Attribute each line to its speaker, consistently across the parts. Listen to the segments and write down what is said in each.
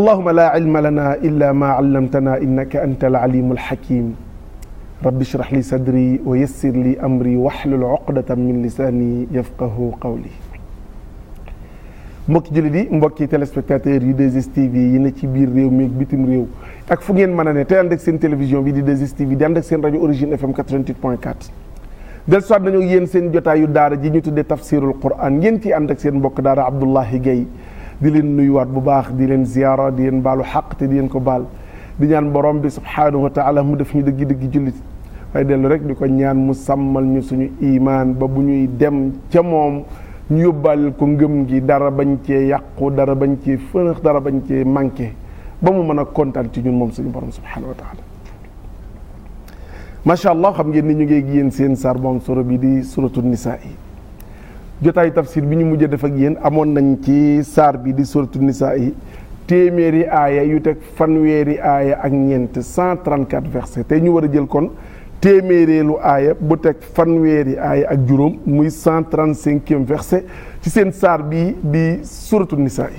Speaker 1: allahuma laa ilma lana illa ma allamtana innaka anta alalimu alxakim rabbi shrah li sadri wa yassir li amri waxlul uqdatan min lisaani yafqahu qawli mbokki jullit yi mbokki téléspectateurs yu 2STV yi ne ci biir réew mi ak bitim réew ak fu ngeen mën a ne te ànd ak seen télévision bi di 2STV di ànd ak seen rajo origine fm 88 point 4 del soit nañu yéen seen jotaayu daara ji ñu tuddee tafsirul quran ngeen ci ànd ak seen mbokk daara Abdoulahi Gaye di leen nuyuwaat bu baax di leen ziyaara di leen baalu xaq te di leen ko baal di ñaan borom bi subhaanahu wa taala mu def ñu dëgg dëgg jullit waaye dellu rek di ko ñaan mu sàmmal ñu suñu imaan ba bu ñuy dem ca moom ñu yóbbaale ko ngëm gi dara bañ cee yàqu dara bañ cee fënax dara bañ cee manqué ba mu mën a kontaan ci ñun moom suñu borom subhaanahu wa taala macha allah xam ngeen ni ñu ngee yéen seen sar moom soro bi di suratu nisaa yi jotaayu tafsir bi ñu mujjee def ak yéen amoon nañ ci saar bi di suratu nisaa yi téeméeri aaya yu teg fanweeri aaya ak ñeent 134 verset tey ñu war a jël kon téeméereelu aaya bu teg fanweeri aaya ak juróom muy 135e verset ci seen saar bi di suratu nisaa yi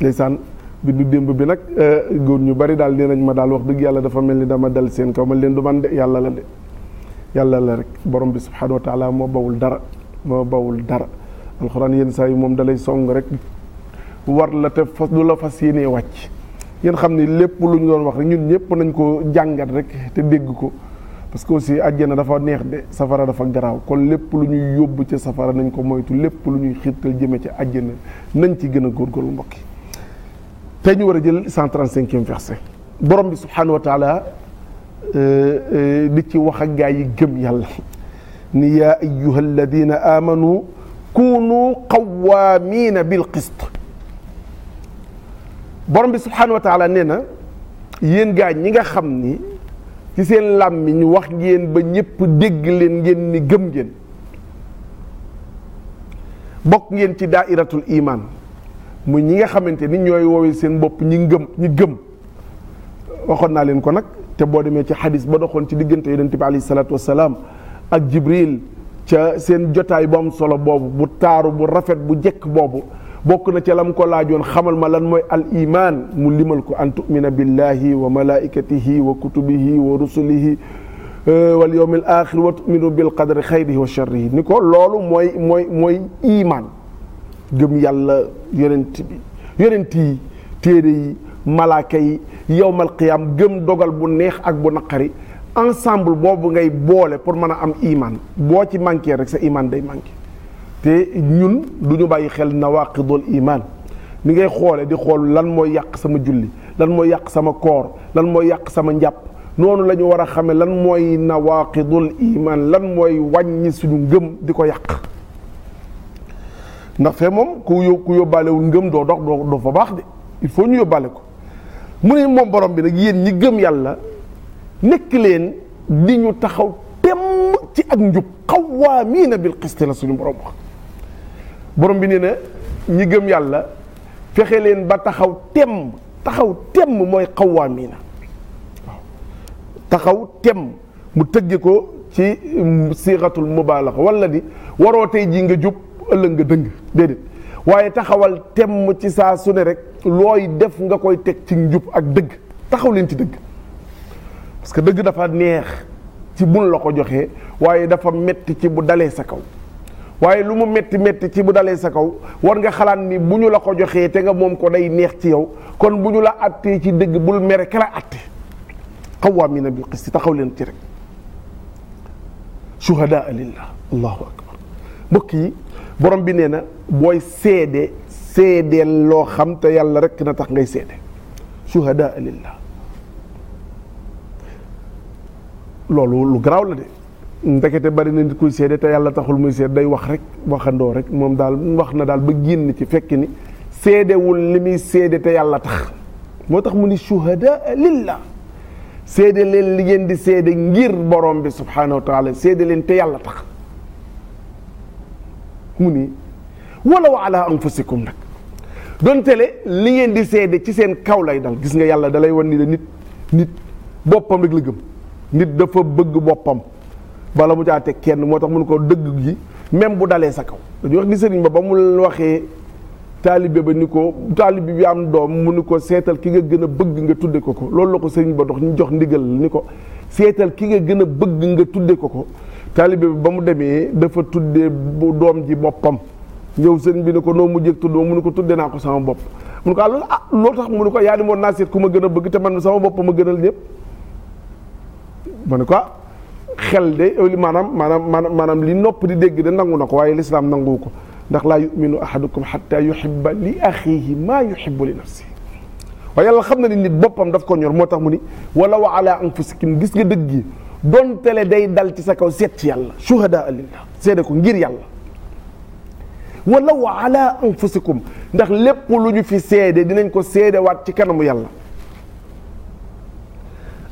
Speaker 1: ndeysaan bi du démb bi nag euh, góor ñu bari daal dinañ ma daal wax dëgg yàlla dafa mel ni dama dal seen kaw ma leen du man de yàlla la de yàlla la rek borom bi subhanahu wa taala moo bawul dara moo bawul dara alxuraan yenn saa yi moom dalay song rek war la te fas du la fas yéenee wàcc ngeen xam ne lépp lu ñu doon wax rek ñun ñëpp nañ ko jàngat rek te dégg ko parce que aussi àjjana dafa neex de safara dafa garaaw kon lépp lu ñuy yóbbu ca safara nañ ko moytu lépp lu ñuy xiirtal jëme ca àjjana nañ ci gën a góorgóorlu mbokki tey ñu war a jël 135e verset borom bi subhanahu wa li euh, euh, ci wax ak gaa yi gëm yàlla ni yaa ayuha alladina amanu kunu qawaamina bil qist borom bi subhanahu wa taala nee na yéen gaa ñi nga xam ni ci seen làmmiñ wax ngeen ba ñépp dégg leen ngeen ni gëm ngeen bokk ngeen ci daairatul iman mu ñi nga xamante nit ñooy woowee seen bopp ñi ngëm ñi gëm waxoon naa leen ko nag te boo demee ci xadis ba doxoon ci diggante yonent bi alayhi salaatu wasalaam ak Jibril ca seen jotaay bu am solo boobu bu taaru bu rafet bu jekk boobu bokk na ca lam ko laajoon xamal ma lan mooy al mu limal ko an tumina billahi wa malaikatihi wa kutubihi wa rusulihi e, wal yawmil axir wa tuminu bil qadri xayrihi ni ko loolu mooy mooy mooy iman yàlla yonent bi yi téere yi malaaka yi yowmal qiyaam gëm dogal bu neex ak bu naqari ensemble boobu ngay boole pour mën a am imaan boo ci manqué rek sa iman day manqué te ñun du ñu bàyyi xel nawaqidul iman ni ngay xoole di xool lan mooy yàq sama julli lan mooy yàq sama koor lan mooy yàq sama njàpp noonu lañu war a xamee lan mooy nawaqidul iman lan mooy wàññi suñu ngëm di ko yàq ndax fee moom ku yó ku yóbbaalewul ngëm doo dox doo doo fa baax de il faut ñu yóbbaale ko mu ne moom borom bi nag yéen ñi gëm yàlla nekk leen di ñu taxaw temm ci ak njub xawaamiina bil xiste la suñu borom wax borom bi nee na ñi gëm yàlla fexe leen ba taxaw temm taxaw temm mooy xawaamiina waaw taxaw temm mu tëgge ko ci mm, siixatul mubaalaxa wala di waroo tey jii nga jub ëllëg nga dëng déedéet waaye taxawal temm ci saa su ne rek looy def nga koy teg ci njub ak dëgg taxaw leen ci dëgg parce que dëgg dafa neex ci bun la ko joxee waaye dafa metti ci bu dalee sa kaw waaye lu mu metti metti ci bu dalee sa kaw war nga xalaat ni bu ñu la ko joxee te nga moom ko day neex ci yow kon bu ñu la attee ci dëgg bul mere ka la atte qawaamina bil qisti taxaw leen ci rek shuhadaa lillah allahu akbar mbokk yi borom bi nee na booy seede seedeel loo xam te yàlla rekk na tax ngay seede suhadaa lillah loolu lu garaaw la de ndekete bari na nit kuy seede te yàlla taxul muy seede day wax rek waxandoo rek moom daal wax na daal ba génn ci fekk ni seedewul li muy seede yàlla tax moo tax mu ni suhadaa lillah seede leen li ngeen di seede ngir borom bi subhaanahu wa taala seede leen te yàlla tax mu ni walaw ala anfusikum nag doon télé li ngeen di seede ci seen kaw lay dal gis nga yàlla dalay wan ni la nit nit boppam rek la nit dafa bëgg boppam bala mu caa teg kenn moo tax mu mun ko dëgg gi même bu dalee sa kaw dañuy wax ni sëriñ ba ba mu waxee taalibe ba ni ko taalibe bi am doom mu ni ko seetal ki nga gën a bëgg nga tudde ko ko loolu la ko sëriñ ba dox ñu jox ndigal ni ko seetal ki nga gën a bëgg nga tudde ko ko taalibe bi ba mu demee dafa tudde bu doom ji boppam ñëw sëriñ bi ne ko noo mujjee tudd ma mu ne ko tuddee naa ko sama bopp mu ne ko ah, ah loolu tax mu ne ko yaa ni moon naa seet ku ma gën a bëgg te man sama bopp ma gënal ñëpp ma ne ko ah xel de li maanaam maanaam maanaam li nopp di dégg de nangu na ko waaye lislaam nangu ko ndax laa yuminu ahadukum xatta yuhibba li axiihi maa yuhibbu li nafsihi waaye yàlla xam na ni nit boppam daf ko ñor moo tax mu ni wala wa ala anfusikum gis nga dëgg yi doon tele day dal ci sa kaw seet ci yàlla shuhadaa lillah seede ko ngir yàlla walaw ala anfusikum ndax lépp lu ñu fi seede dinañ ko seedewaat ci kanamu yàlla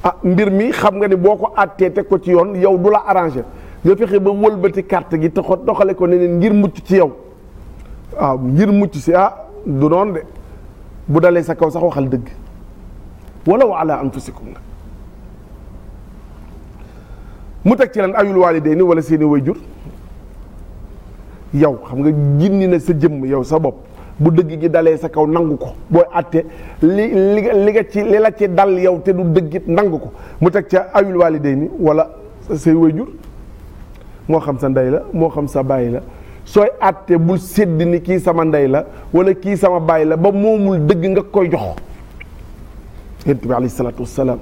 Speaker 1: a ah, mbir mi xam nga ni boo ko àttee teg ko ci yoon yow du la arrangé nga fexe ba wëlbati carte gi taxo doxale ko ne ngir mucc ci yow waaw ah, ngir mucc si ah du noonu de bu dalee sa kaw sax waxal dëgg walaw ala anfusikum mu teg ci lan ayul waalidayni wala seeni way jur yow xam nga jinni na sa jëmm yow sa bopp bu dëgg gi dalee sa kaw nangu ko booy àtte li li nga ci li la ci dal yow te du dëggit nangu ko mu teg ca awil waalidayni wala say wayjur moo xam sa ndey la moo xam sa baay la sooy àtte bul sédd ni kii sama ndey la wala kii sama baay la ba moomul dëgg nga koy jox yonent bi alayhi salaatu wassalaam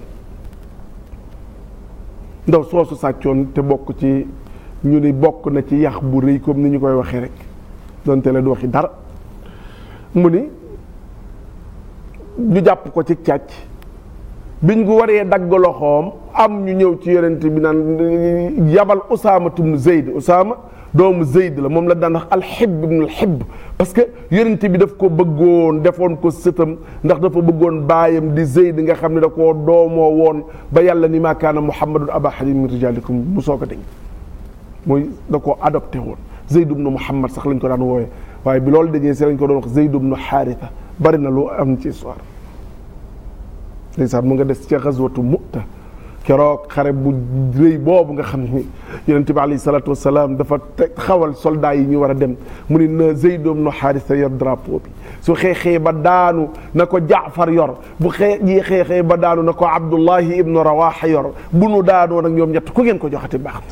Speaker 1: ndaw soosu sàccoon te bokk ci ñu ni bokk na ci yax bu rëy comme ni ñu koy waxee rek donte la du waxi dara mu ni ñu jàpp ko ci càcc biñ ko waree dagg loxoom am ñu ñëw ci yonent bi naan yabal Usaama ibn Zayd Usaama doomu Zayd la moom la daan wax alxib ibn alxib parce que yonent bi daf ko bëggoon defoon ko sëtam ndax dafa bëggoon baayam di Zayd nga xam ne da ko doomoo woon ba yàlla ni maakaana Muhammadun aba ahadin min rijaalikum bu soo ko dégg mooy da koo adopté woon Zeyd ibnu Muhammad sax lañ ko daan wooyee waaye bi loolu dajee si ko doon wax Zeyd ibnu Xaarisa bari na lu am ci histoire ndeysaan mu nga des ca xaswatu Mu'ta keroog xare bu rëy boobu nga xam ni yonent bi alayhi salaatu wa salaam xawal soldats yi ñu war a dem mu ni na Zeyd ibnu yor drapeau bi su xeexee ba daanu na ko Jaafar yor bu xee ñii xeexee ba daanu na ko Abdullahi ibnu Rawaxa yor bu nu daanoo nag ñoom ñett ku ngeen ko ti baax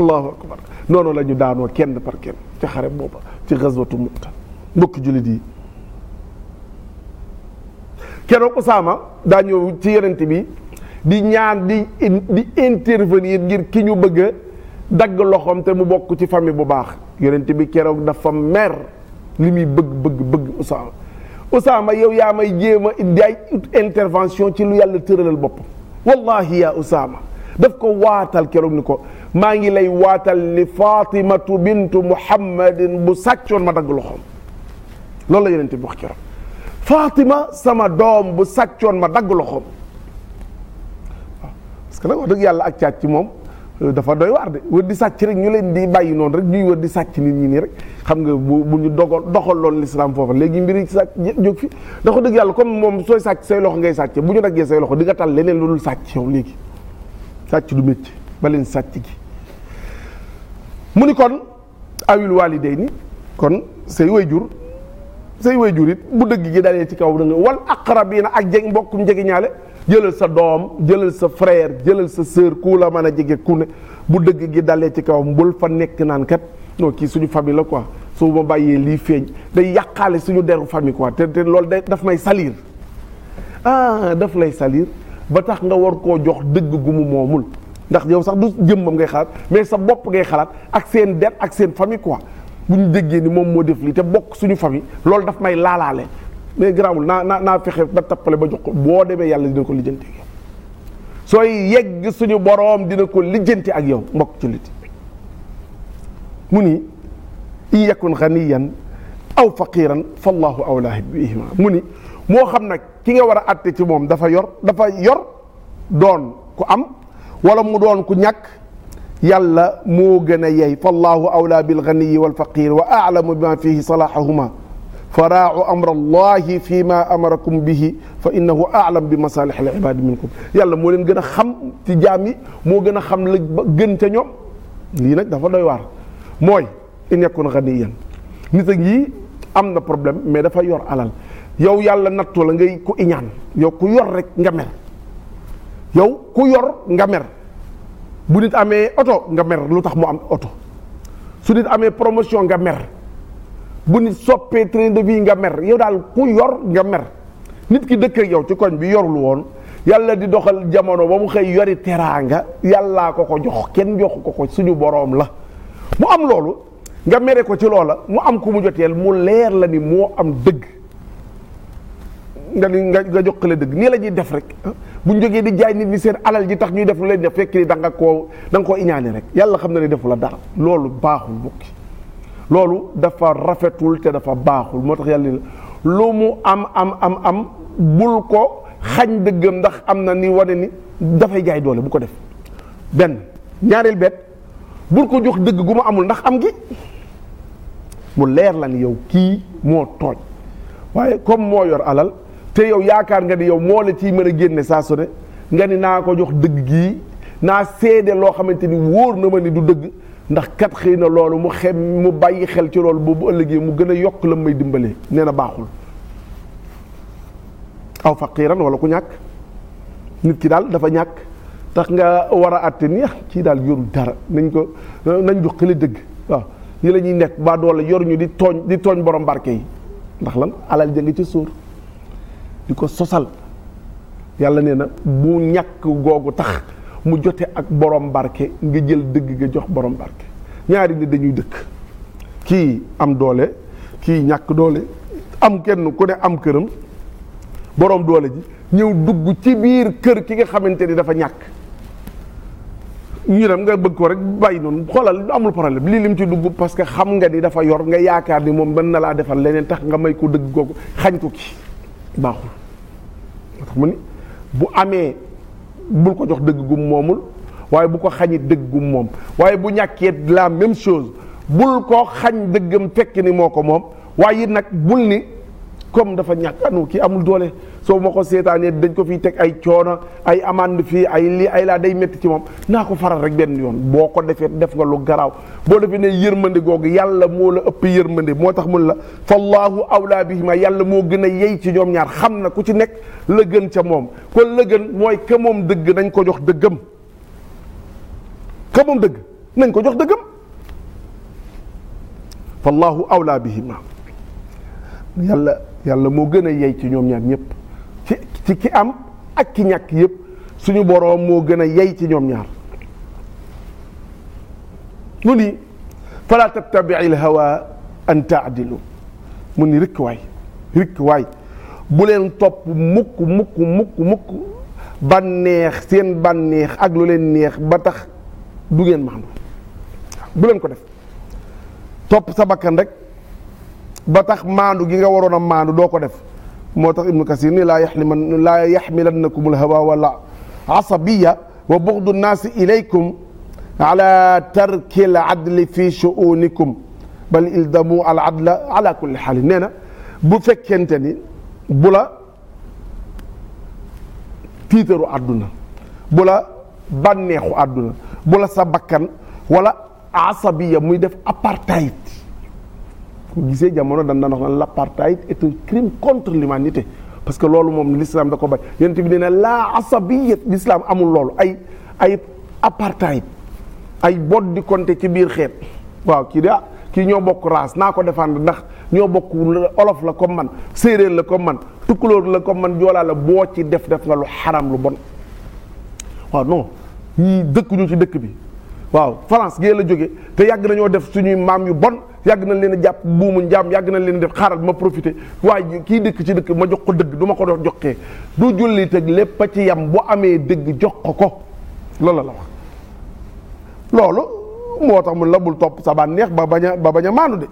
Speaker 1: allahu akbar noonu la ñu daanoo kenn par kenn ci xare booba ci xaswatu Mu'ta mbokki jullit yi keroog Usaama daa ñëw ci yenente bi di ñaan di di intervenir ngir ki ñu bëgg dagg loxoom te mu bokk ci famille bu baax yenente bi keroog dafa mer li muy bëgg bëgg bëgg Usaama Usaama yow yaa may jéem a indi intervention ci lu yàlla tëralal boppam wallahi yaa Usaama def ko waatal keroog ni ko maa ngi lay waatal li fatimatu bintu muhammadin bu sàccoon ma dagg loxoom loolu la yonente bi wax keroog fatima sama doom bu sàccoon ma dagg loxoom waaw ah, parce que nag wax dëgg yàlla ak caat moom euh, dafa doy waar de wër di sàcc rek ñu leen di bàyyi noonu rek ñuy wër di sàcc nit ñi nii rek xam nga bu bu ñu dogal doxal loolu lislaam foofa léegi mbiri sàcc jóg fi dafa dëgg yàlla comme moom sooy sàcc say loxo ngay sàcc bu ñu daggee loxo di leneen lu dul sàcc yow léegi sàcc du métti ba leen sàcc gi mu ni kon awil waaliday ni kon say wayjur say wayjur it bu dëgg gi dalee ci kaw da nga wal aqrabiina ak jeg mbokkum jege ñaale jëlal sa doom jëlal sa frère jëlal sa sœur ku la mën a jege ku ne bu dëgg gi dalee ci kawam bul fa nekk naan kat kii suñu famille la quoi su ma bàyyee lii feeñ day yàqaale suñu deru famille quoi te te loolu day daf may saliir ah daf lay salir ba tax nga war koo jox dëgg gu mu moomul ndax yow sax du jëmmam ngay xalaat mais sa bopp ngay xalaat ak seen dette ak seen famille quoi bu ñu déggee ni moom moo def lii te bokk suñu famille loolu daf may laalaale mais garaawul naa naa naa fexe ba tappale ba jox ko boo demee yàlla dina ko lijjanti ak yow sooy yegg suñu boroom dina ko lijjanti ak yow mbokk jullit mu ni in yakun ganiyan aw faqiran fallahu awlaa bihima mu ni moo xam nag ki nga war a àtte ci moom dafa yor dafa yor doon ku am wala mu doon ku ñàkk yàlla moo gën a yey fallahu awla bil ganiyi wal faqir wa aalamu bima fihi salahahuma faraau amra allahi fi ma amarakum bihi fa innahu aalam bi masalih al ibadi minkum yàlla moo leen gën a xam ci jaam yi moo gën a xam la gën ca ñoom lii nag dafa doy waar mooy in yakun ganiyan nit ak yii am na problème mais dafa yor alal yow yàlla nattu la ngay ku iñaan yow ku yor rek nga mer yow ku yor nga mer bu nit amee oto nga mer lu tax mu am oto su nit amee promotion nga mer bu nit soppee train de vie nga mer yow daal ku yor nga mer nit ki dëkk yow ci koñ bi yorul woon yàlla di doxal jamono ba mu xëy yori teraanga yàllaa ko ko jox kenn joxu ko ko suñu boroom la mu am loolu nga mere ko ci loola mu am ku mu joteel mu leer la ni moo am dëgg nga nga nga jox la dëgg nii la ñuy def rek ah. bu ñu di jaay nit ñi seen alal ji tax ñuy def lu leen def fekk ni koo da nga koo iñaane yàlla xam na ne defu la dara loolu baaxul bukki loolu dafa rafetul te dafa baaxul moo tax yàlla ni la lu mu am am am am bul ko xañ dëggam ndax am na ni wane ni dafay jaay doole bu ko def benn ñaareel bet bul ko jox dëgg gu mu amul ndax am gi mu leer la yow kii moo tooñ waaye comme moo yor alal te yow yaakaar nga ni yow moo la ciy mën a génne saa su nga ni naa ko jox dëgg gii naa seede loo xamante ni wóor na ma ni du dëgg ndax kat xëy na loolu mu xem mu bàyyi xel ci loolu boobu ëllëgee mu gën a yokk la may dimbalee nee na baaxul aw faqiran wala ku ñàkk nit ki daal dafa ñàkk tax nga war a àtte ni ah, kii daal yorul dara nañ ko nañ jox xëli dëgg waaw yi la ñuy nekk ba doole yor ñu di tooñ di tooñ borom barke yi ndax lan alal jëng ci suur di ko sosal yàlla nee na bu ñàkk googu tax mu jote ak boroom barke nga jël dëgg nga jox borom barke ñaari nit dañuy dëkk kii am doole kii ñàkk doole am genn ku ne am këram borom doole ji ñëw dugg ci biir kër ki nga xamante ni dafa ñàkk ñu dem nga bëgg ko rek bàyyi noonu xoolal amul problème lii lim ci dugg parce que xam nga ni dafa yor nga yaakaar ni moom mën na laa defal leneen tax nga may ko dëgg googu xañ ko ki baaxul tax bu amee bul ko jox dëgg moomul waaye bu ko xañi dëgg moom waaye bu ñàkkee la même chose bul ko xañ dëggam fekk ni moo ko moom waaye it nag bul ni comme dafa ñàkk anu kii amul doole soo ma ko seetaanee dañ ko fiy teg ay coono ay amande fii ay lii ay laa day metti ci moom naa ko faral rek benn yoon boo ko defee def nga lu garaaw boo defee ne yërmande googu yàlla moo la ëpp yërmande moo tax mun la fallahu awlaa bihima yàlla moo gën a yey ci ñoom ñaar xam na ku ci nekk la gën ca moom kon la gën mooy ke dëgg nañ ko jox dëggam ke moom dëgg nañ ko jox dëggam fallahu awlaa bihima yàlla yàlla moo gën a yey ci ñoom ñaar ñëpp ci ki am ak ki ñàkk yépp suñu boroom moo gën a yey ci ñoom ñaar mu ni fala tattabi al hawa an taadilu mu ni rikk waay rikk waay bu leen topp mukk mukk mukk mukk bànneex seen bànneex ak lu leen neex ba tax du ngeen maandu bu leen ko def topp sa bakkan rek ba tax maandu gi nga waroon a maandu doo ko def moo tax ibnu kasir ni laa yaxliman laa yaxmilannakum alhawa wala asabiya wa buxdu nnaasi ilaykum ala tarki al adli fi shuunikum bal ildamu al adla ala kulli xaalin nee na bu fekkente ni bu la tiitaru àdduna bu la bànneexu àdduna bu la sa bakkan wala asabiya muy def apartheid ko gisee jamono dan daan wax naan l' apartheid contre l'humanité parce que loolu moom l'islam da ko bañ yonent bi nee na laa asabiyat l'islam amul loolu ay ay apartheid ay bot di ci biir xeet waaw kii de ah kii ñoo bokk race naa ko défendre ndax ñoo bokk olof la comme man séeréer la comme man tukkulóor la comme man joolaa boo ci def def nga lu xaram lu bon waaw non ñii dëkkuñu ci dëkk bi waaw France gée la jóge te yàgg nañoo def suñuy maam yu bon yàgg nañ leen a jàpp buumu njaam yàgg nañ leen def xaaral ma profité waaye kii dëkk ci dëkk ma jox ko dëgg du ma ko doon joxee du jullit ak lépp a ci yam bu amee dëgg jox ko ko loolu la loolu moo tax mu labul topp sa bànneex ba bañ a ba bañ a maandu de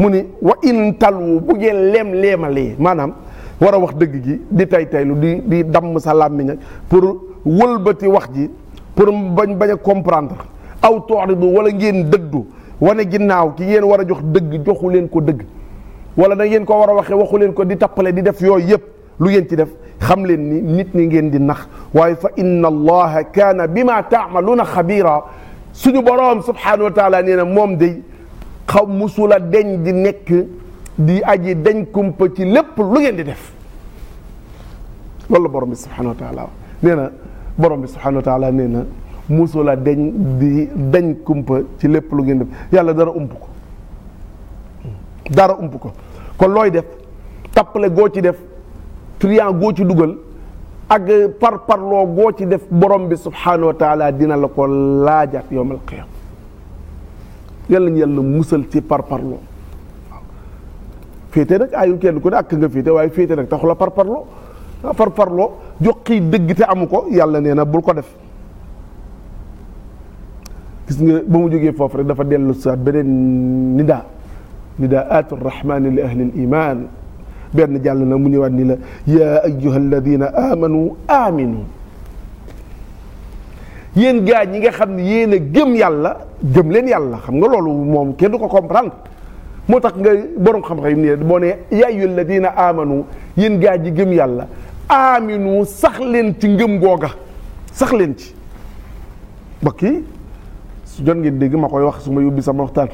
Speaker 1: mu ni wa in talwu bu ngeen leem leemalee maanaam war a wax dëgg ji di tay taylu di di damm sa làmmiñ ak pour wëlbati wax ji. pour bañ bañ a comprendre aw tu'ridu wala ngeen dëddu wane ginnaaw ki ngeen war a jox dëgg joxu leen ko dëgg wala na ngeen ko war a waxee waxu leen ko di tappale di def yooyu yëpp lu ngeen ci def xam leen ni nit ñi ngeen di nax waaye fa inna allaha kaana bima taamaluuna xabiira suñu boroom subhanahu wa taala nee na moom day xaw musula deñ di nekk di aji deñ kumpa ci lépp lu ngeen di def loolu borom bi subhanahu wa borom bi subhanahu wa taala nee na la deñ di dañ kumpa ci lépp lu ngeen def yàlla dara ump ko dara ump ko kon looy def tappale goo ci def triant goo ci dugal ak par parloo goo ci def borom bi subhanahu wa taala dina la ko laajaat yowmal qiyam yàlla ñu yàlla musal ci par parloo waaw féete nag aayul kenn ku ne ak nga féete waaye féete nag taxu la par parloo par parloo jox kii dëgg te amu ko yàlla nee na bul ko def gis nga ba mu jógee foofu rek dafa dellu saat beneen nidaa nidaatu rahmani li ahli liman benn jàll na mu ñëwaat ni la yaa ayuha alladina amanu aminu yéen gaa ñi nga xam ne yéen a gëm yàlla gëm leen yàlla xam nga loolu moom kenn du ko comprendre moo tax nga borom xam-xam yi nii boo ne yaa ayuha yéen gaa ñi gëm yàlla aaminu sax leen ci ngëm googa sax leen ci mbokk yi su jot ngeen dégg ma koy wax su ma yóbbi sama waxtaan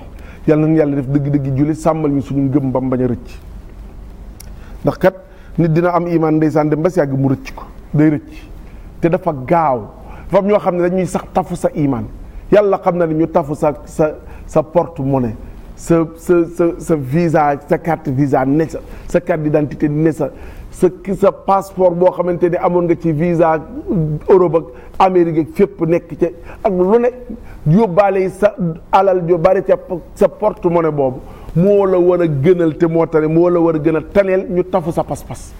Speaker 1: yàlla nañu yàlla def dégg dégg julli sàmmal ñu suñu ngëm bam bañ a rëcc ndax kat nit dina am imaan ndeysaan dem ba yàgg mu rëcc ko day rëcc te dafa gaaw dafa ñoo xam ne dañuy sax tafu sa imaan yàlla xam na ne ñu tafu sa sa sa porte monnaie sa sa sa sa visa sa carte visa ne sa sa carte d'identité ne sa sa sa passeport boo xamante ni amoon nga ci visa Europe ak Amérique ak fépp nekk ca ak lu ne yóbbaale sa alal yóbbaale ca sa porte-monnaie boobu moo la war a gënal te moo tane moo la war a gën a taneel ñu tafu sa pas-pas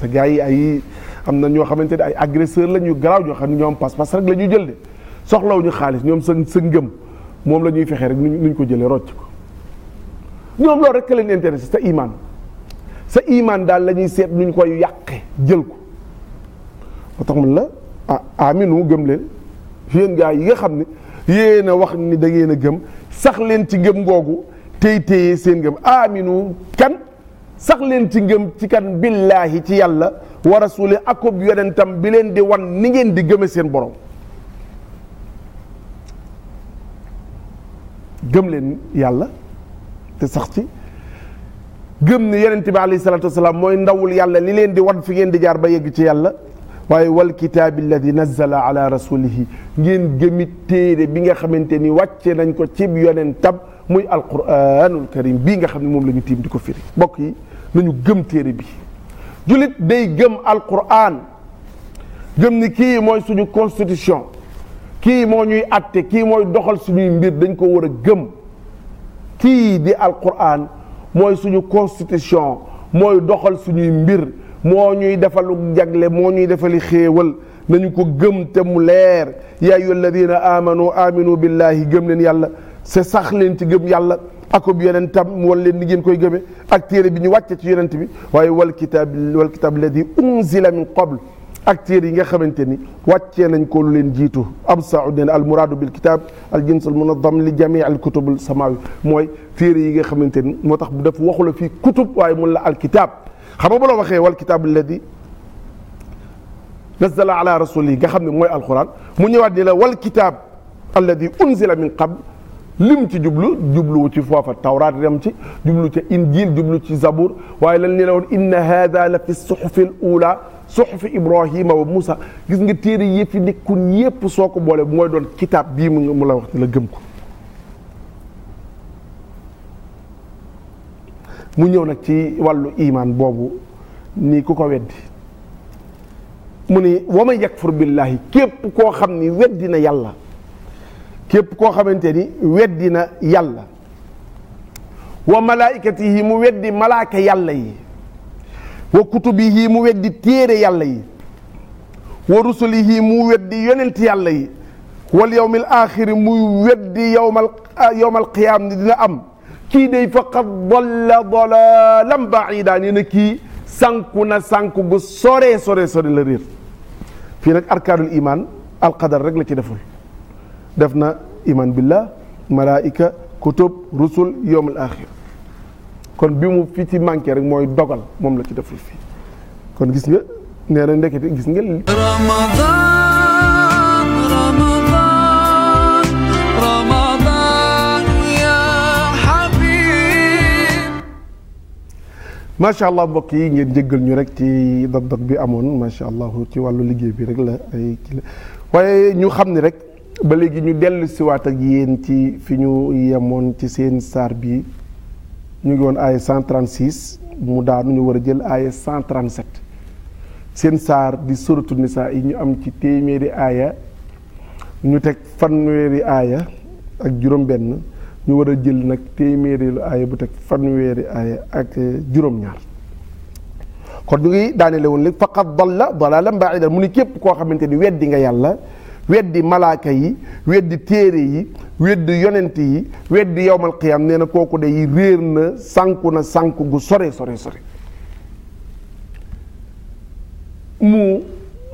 Speaker 1: te gars yi ay am na ñoo xamante ni ay agresseur la ñu garaaw ñoo xam ne ñoom pas-pas rek la ñuy jël de soxlaw ñu xaalis ñoom sa sa ngëm moom la ñuy fexe rek nuñ ko jëlee rocc ko ñoom loolu rek ka leen intéressé sa imaan sa imaan daal lañuy seet nu ñu koy yàqe jël ko moo tax mun la ah aminu gëm leen yéen gaa yi nga xam ne yéen a wax ni dangeen a gëm sax leen ci ngëm googu tey téye seen gëm aminu kan sax leen ci ngëm ci kan billaahi ci yàlla wa rasuli akub yonentam bi leen di wan ni ngeen di gëme seen borom gëm leen yàlla te sax ci gëm ne yonent bi alayhi salaatu wasalaam mooy ndawul yàlla li leen di wan fi ngeen di jaar ba yegg ci yàlla waaye wal kitaabi alladi nazzala ala rasulihi ngeen gëmit téere bi nga xamante ni wàcce nañ ko cib yonentam muy alquranul karim bii nga xam ne moom la ñu tiim di ko firi mbokk yi nañu gëm téere bi jullit day gëm alquran gëm ni kii mooy suñu constitution kii moo ñuy atte kii mooy doxal suñuy mbir dañ koo war a gëm kii di alquran mooy suñu constitution mooy doxal suñuy mbir moo ñuy defalu jagle moo ñuy defali xéewal nañu ko gëm te mu leer yaa ayyuha alladina amanu aminu billahi gëm leen yàlla se sax leen ci gëm yàlla akub yonentam mu wan leen ni ngeen koy gëmee ak téere bi ñu wàccee ci yonent bi waaye wal kitab wal kitab alladi unzila min qabl acteurs yi nga xamante ni wàccee nañ ko lu leen jiitu ab saa ne al muraadu bil kitaab al jins al munazzam li jamii al kutub al samaawi mooy téere yi nga xamante ni moo tax daf waxu la fii kutub waaye mun la al kitaab xam nga bu la waxee wal kitaab alladi nazala ala rasuli nga xam ne mooy alquran mu ñëwaat ni la wal kitaab alladi unzila min qabl lim ci jublu jublu ci foofa tawraat dem ci jublu ci injil jublu ci zabur waaye lan leen woon inna hada la fi suxufi l ula suxufi wa moussa gis nga téere yi fi nekkoon yépp soo ko boole mooy doon kitaab bii mu la wax la gëm ko mu ñëw nag ci wàllu iman boobu nii ku ko weddi mu ni wa man yakfur billahi képp koo xam ni weddi na yàlla képp koo xamante ni weddi na yàlla wa malaikatihi mu weddi malaaka yàlla yi wa kutubihi mu weddi téere yàlla yi wa rusulihi mu weddi yonent yàlla yi wal yawmil axiri muy weddi yawmal yawmal qiyaam ni dina am kii day faqat dalla dalalan baida yi na kii sànku na sànku bu sore sore sore la réer fii nag arkaanul iman alqadar rek la ci deful def na iman billah malaayika kutub rusul yowmal axir kon bi mu fi ci manqué rek mooy dogal moom la ci deful fii kon gis nga nee na gis nga ramadan
Speaker 2: ramadan ya habib
Speaker 1: macha allah mbokk yi ngeen jéggal ñu rek ci dog dog bi amoon macha allah ci wàllu liggéey bi rek la ay waaye ñu xam ni rek ba léegi ñu dellu siwaat ak yéen ci fi ñu yemoon ci seen saar bi ñu ngi woon ay 136 mu daanu ñu war a jël aaya 137 seen saar di suratu nisaa yi ñu am ci téeméeri aaya ñu teg fanweeri aaya ak juróom-benn ñu war a jël nag téeméeri aaya bu teg fanweeri aaya ak juróom-ñaar kon ñu ngi daanele woon léegi la dalla dalalan daal mu ni képp koo xamante ni weddi nga yàlla weddi malaaka yi weddi téere yi weddi yonent yi weddi yowmal qiyam nee na kooku day réer na sànku na sànku gu sore sore sore mu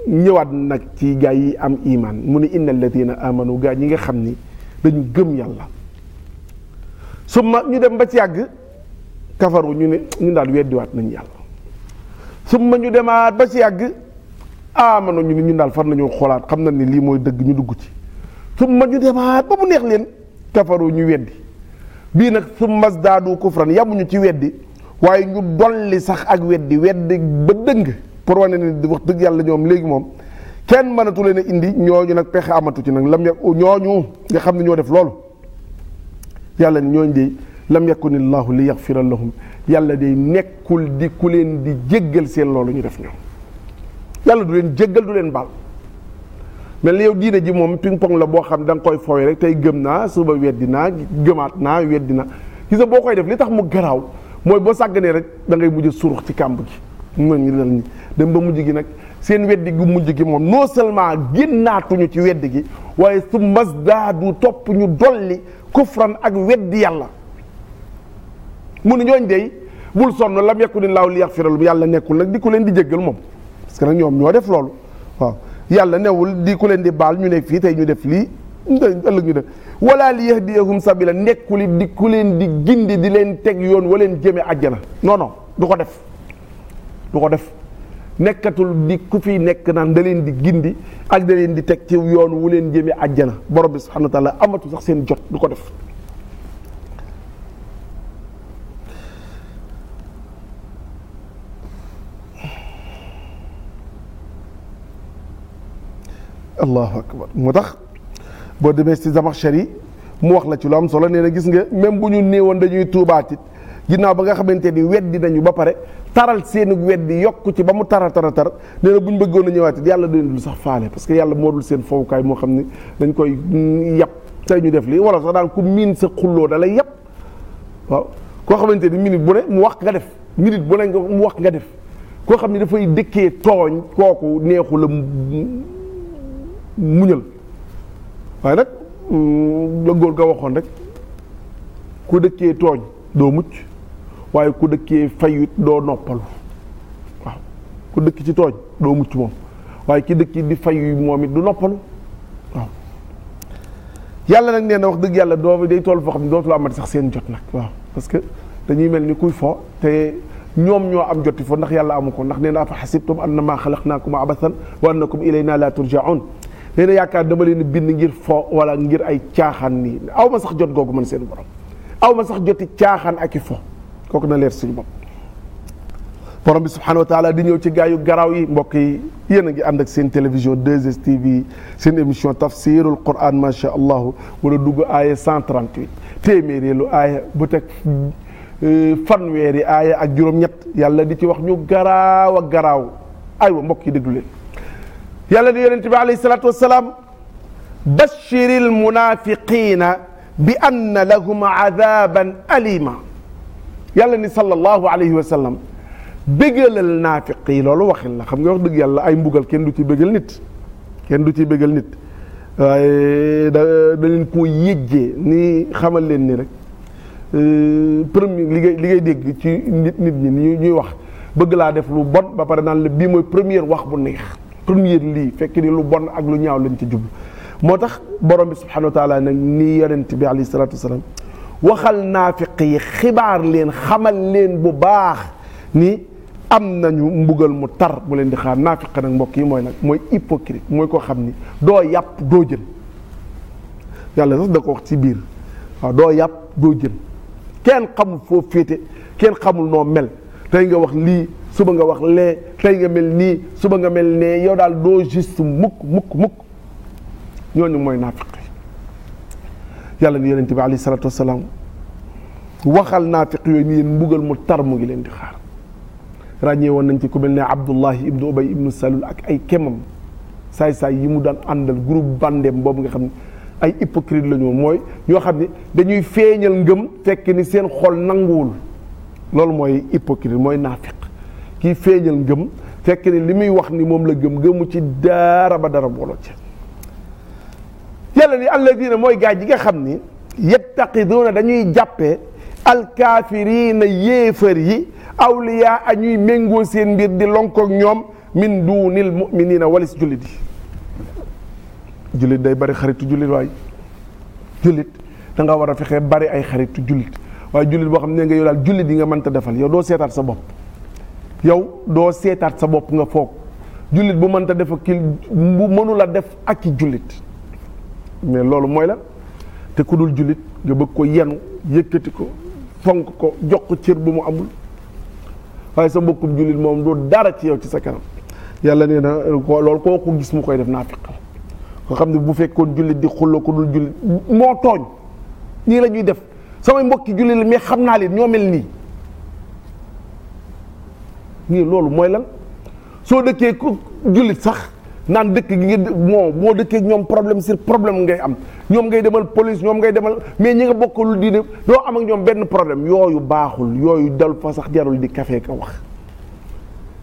Speaker 1: ñëwaat nag ci gaa yi am imaan mu ne inna alladina amanu gaa ñi nga xam ni dañu gëm yàlla su ma ñu dem ba ci yàgg kafaru ñu ne ñu daal weddiwaat nañu yàlla su ma ñu demaat ba ci yàgg ah man ñu ñun daal far nañoo xoolaat xam na ni lii mooy dëgg ñu dugg ci summa ñu demaat ba mu neex leen kafaru ñu weddi bii nag summa daadu kufran yamuñu ci weddi waaye ñu dolli sax ak weddi weddi ba dëng pour wane ne wax dëgg yàlla ñoom léegi moom kenn mënatu leen a indi ñooñu nag pexe amatu ci nag lam ya ñooñu nga xam ne ñoo def loolu yàlla ni ñooñu de lam yakuni llahu li yaxfira lahum yàlla day nekkul di ku leen di jéggal seen loolu ñu def ñoom yàlla du leen jéggal du leen baal mel ni yow diine ji moom ping pong la boo xam da nga koy fooy rek tey gëm naa suba weddi naa gëmaat naa weddi naa gis nga boo koy def li tax mu garaaw mooy boo sàgganee rek dangay mujj surux ci kàmb gi mën ngi dal ni dem ba mujj gi nag seen weddi gu mujj gi moom non seulement génnaatuñu ci weddi gi waaye su masdaadu topp ñu dolli kufran ak weddi yàlla mu ne ñooñ dey bul sonn lam yakku ni laaw li yaxfiralum yàlla nekkul nag di ko leen di jéggal moom parce que nag ñoom ñoo def loolu waaw yàlla newul di ku leen di baal ñu ne fii tey ñu def lii ëllëg ñu def wala li yahdiyahum sabila nekkul di ku leen di gindi di leen teg yoon wa leen jëme àjjana non non du ko def du ko def nekkatul di ku fi nekk naan da leen di gindi ak da leen di teg ci yoon wu leen jëme àjjana borom bi subhanahu wa taala amatu sax seen jot du ko def allahu akbar moo tax boo demee si Zamakhshari mu wax la ci lu am solo nee gis nga même bu ñu néewoon dañuy tuubaatit ginnaaw ba nga xamante ni weddi nañu ba pare taral seeni weddi yokk ci ba mu tara tara tar nee bu ñu bëggoon a ñëwaat yàlla du dul sax faale parce que yàlla moo dul seen fowukaay moo xam ne dañ koy mm, yàpp tey ñu def lii wala sax daal ku miin sa xulloo da lay yàpp waaw koo xamante ni minute bu ne mu wax nga def minute bu ne mu wax nga def koo xam ne dafay dëkkee tooñ kooku neexu la mm, muñal waaye nag mm, la góor ga waxoon rek ku dëkkee tooñ doo mucc waaye ku dëkkee fayut doo noppalu waaw ku dëkk ci tooñ doo mucc moom waaye ki dëkk di fayu moom it du noppalu waaw yàlla nag nee na wax dëgg yàlla doo day tool foo xam ne dootul amati sax seen jot nag waaw parce que dañuy mel ni kuy foo te ñoom ñoo am joti fo ndax yàlla amu ko ndax nee na afa xasibtum annama xalaqnaakum abathan wa annakum ilayna la turjaun nee na yaakaar dama leen bind ngir fo wala ngir ay caaxaan nii aw ma sax jot googu man seen borom aw ma sax joti caaxaan ak i fo kooku na leer suñu bopp borom bi subhanahu wa taala di ñëw ci gaayu garaaw yi mbokk yi yéen a ngi ànd ak seen télévision 2STV seen émission tafsirul quran ma sha allah wala dugg aaya 138 téeméeréelu aaya bu teg euh, fanweeri aaya ak juróom-ñett yàlla di ci wax ñu garaaw a garaaw aywa mbokk yi déglu leen yàlla ne yonente bi alayhi salaatu wassalaam bashiril munafiqina bi anna lahum adaban alima yàlla ni sallallahu alayhi wa sallam bégalal naafiq yi loolu waxin la xam nga wax dëgg yàlla ay mbugal kenn du ci bégal nit kenn du ci bégal nit waaye da da leen koo yëjjee ni xamal leen ni rek euh, premier li liggéey li dégg ci nit nit ñi ñuy wax bëgg laa def lu bon ba pare naan la bii mooy première wax bu neex première lii fekk ni lu bon ak lu ñaaw lañ ci jublu moo tax borom bi subhanahu wa taala nag nii yonent bi alayhi salaatu wasalaam waxal naafiq yi xibaar leen xamal leen bu baax ni am nañu mbugal mu tar mu leen di xaar naafiq nag mbokk yi mooy nag mooy hypocrite mooy koo xam ni doo yàpp doo jën yàlla sax da ko wax ci biir waaw doo yàpp doo jën kenn xamul foo féete kenn xamul noo mel tey nga wax lii suba nga wax lee tey nga mel nii suba nga mel nee yow daal doo juste mukk mukk mukk ñooñu mooy naafiq yàlla ni yonente bi alayhi salaatu wasalaam waxal naafiq yooyu ni yéen mbugal mu tar mu ngi leen di xaar ràññee woon nañ ci ku mel ne abdullahi ibnu ubay ibnu salul ak ay kemam saay-saay yi mu daan àndal group bandem boobu nga xam ne ay hypocrite la mooy ñoo xam ne dañuy feeñal ngëm fekk ni seen xol nanguwul loolu mooy hypocrite mooy naafiq kii feeñal ngëm fekk ni li muy wax ni moom la gëm gëmu ci dara ba dara boolo ci yàlla ni alladina mooy gaa yi nga xam ni yattaqiduuna dañuy jàppee alkaafirina yéefar yi awliyaa ñuy méngoo seen mbir di lonkoog ñoom min duunil muminina walis jullit yi jullit day bari xaritu jullit waay jullit war a fexe bari ay xaritu jullit waaye jullit boo xam ne nga yow daal jullit yi nga mënta defal yow doo seetaat sa bopp yow doo seetaat sa bopp nga foog jullit bu mënta def ak ki bu mënula def ak ki jullit mais loolu mooy la te ku dul jullit nga bëgg ko yenu yëkkati ko fonk ko jox ko cër bu mu amul waaye sa mbokkum jullit moom du dara ci yow ci sa kanam yàlla nee na loolu koo ko gis mu koy def naafiq la xam ne bu fekkoon jullit di xulloo ku dul jullit moo tooñ nii la ñuy def samay mbokki jullit la mais xam naa leen ñoo mel nii mais loolu mooy lan soo dëkkee ku jullit sax naan dëkk gi nga moo moo dëkkee ñoom problème sur problème ngay am ñoom ngay demal police ñoom ngay demal mais ñi nga bokkal lu diine doo am ak ñoom benn problème yooyu baaxul yooyu dal fa sax jarul di kafe ka wax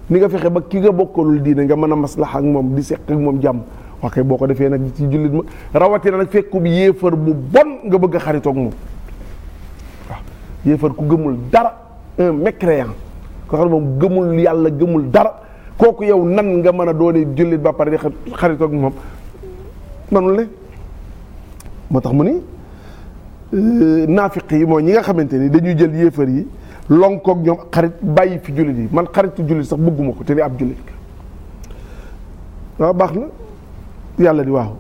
Speaker 1: ni nga fexe ba ki nga bokkalul diine nga mën a maslaxa ak moom di seq ak moom jàmm wax kay boo ko defee nag ci jullit ma rawatina nag fekk bu yéefar bu bon nga bëgg a xaritoog moom waaw yéefar ku gëmul dara ko xam ne yàlla gëmul dara kooku yow nan nga mën a doone jullit ba pare di xaritoog moom manul ne moo tax mu ni euh, naafiq yi mooy ñi nga xamante ni dañuy jël yéefar yi lonkoog ñoom xarit bàyyi fi jullit yi man xaritu jullit sax bëgguma ko te ni ab jullit waaw ah, baax na yàlla di waaw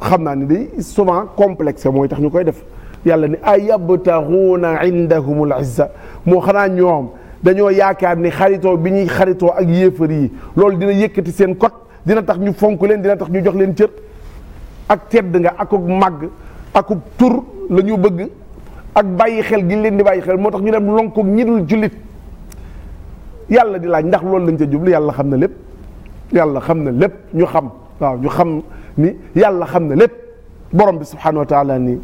Speaker 1: xam naa ni day souvent complexe mooy tax ñu koy def yàlla ni ay yabtaxuuna indahum ay izza moo xanaa ñoom dañoo yaakaar ni xaritoo bi ñuy xaritoo ak yéefar yi loolu dina yëkkati seen kot dina tax ñu fonk leen dina tax ñu jox leen cër ak tedd nga akuk màgg akuk tur la bëgg ak bàyyi xel gi leen di bàyyi xel moo tax ñu dem lonkoog ñi dul jullit yàlla di laaj ndax loolu lañ ca jublu yàlla xam na lépp yàlla xam na lépp ñu xam waaw ñu xam ni yàlla xam na lépp borom bi subhanahu wa nii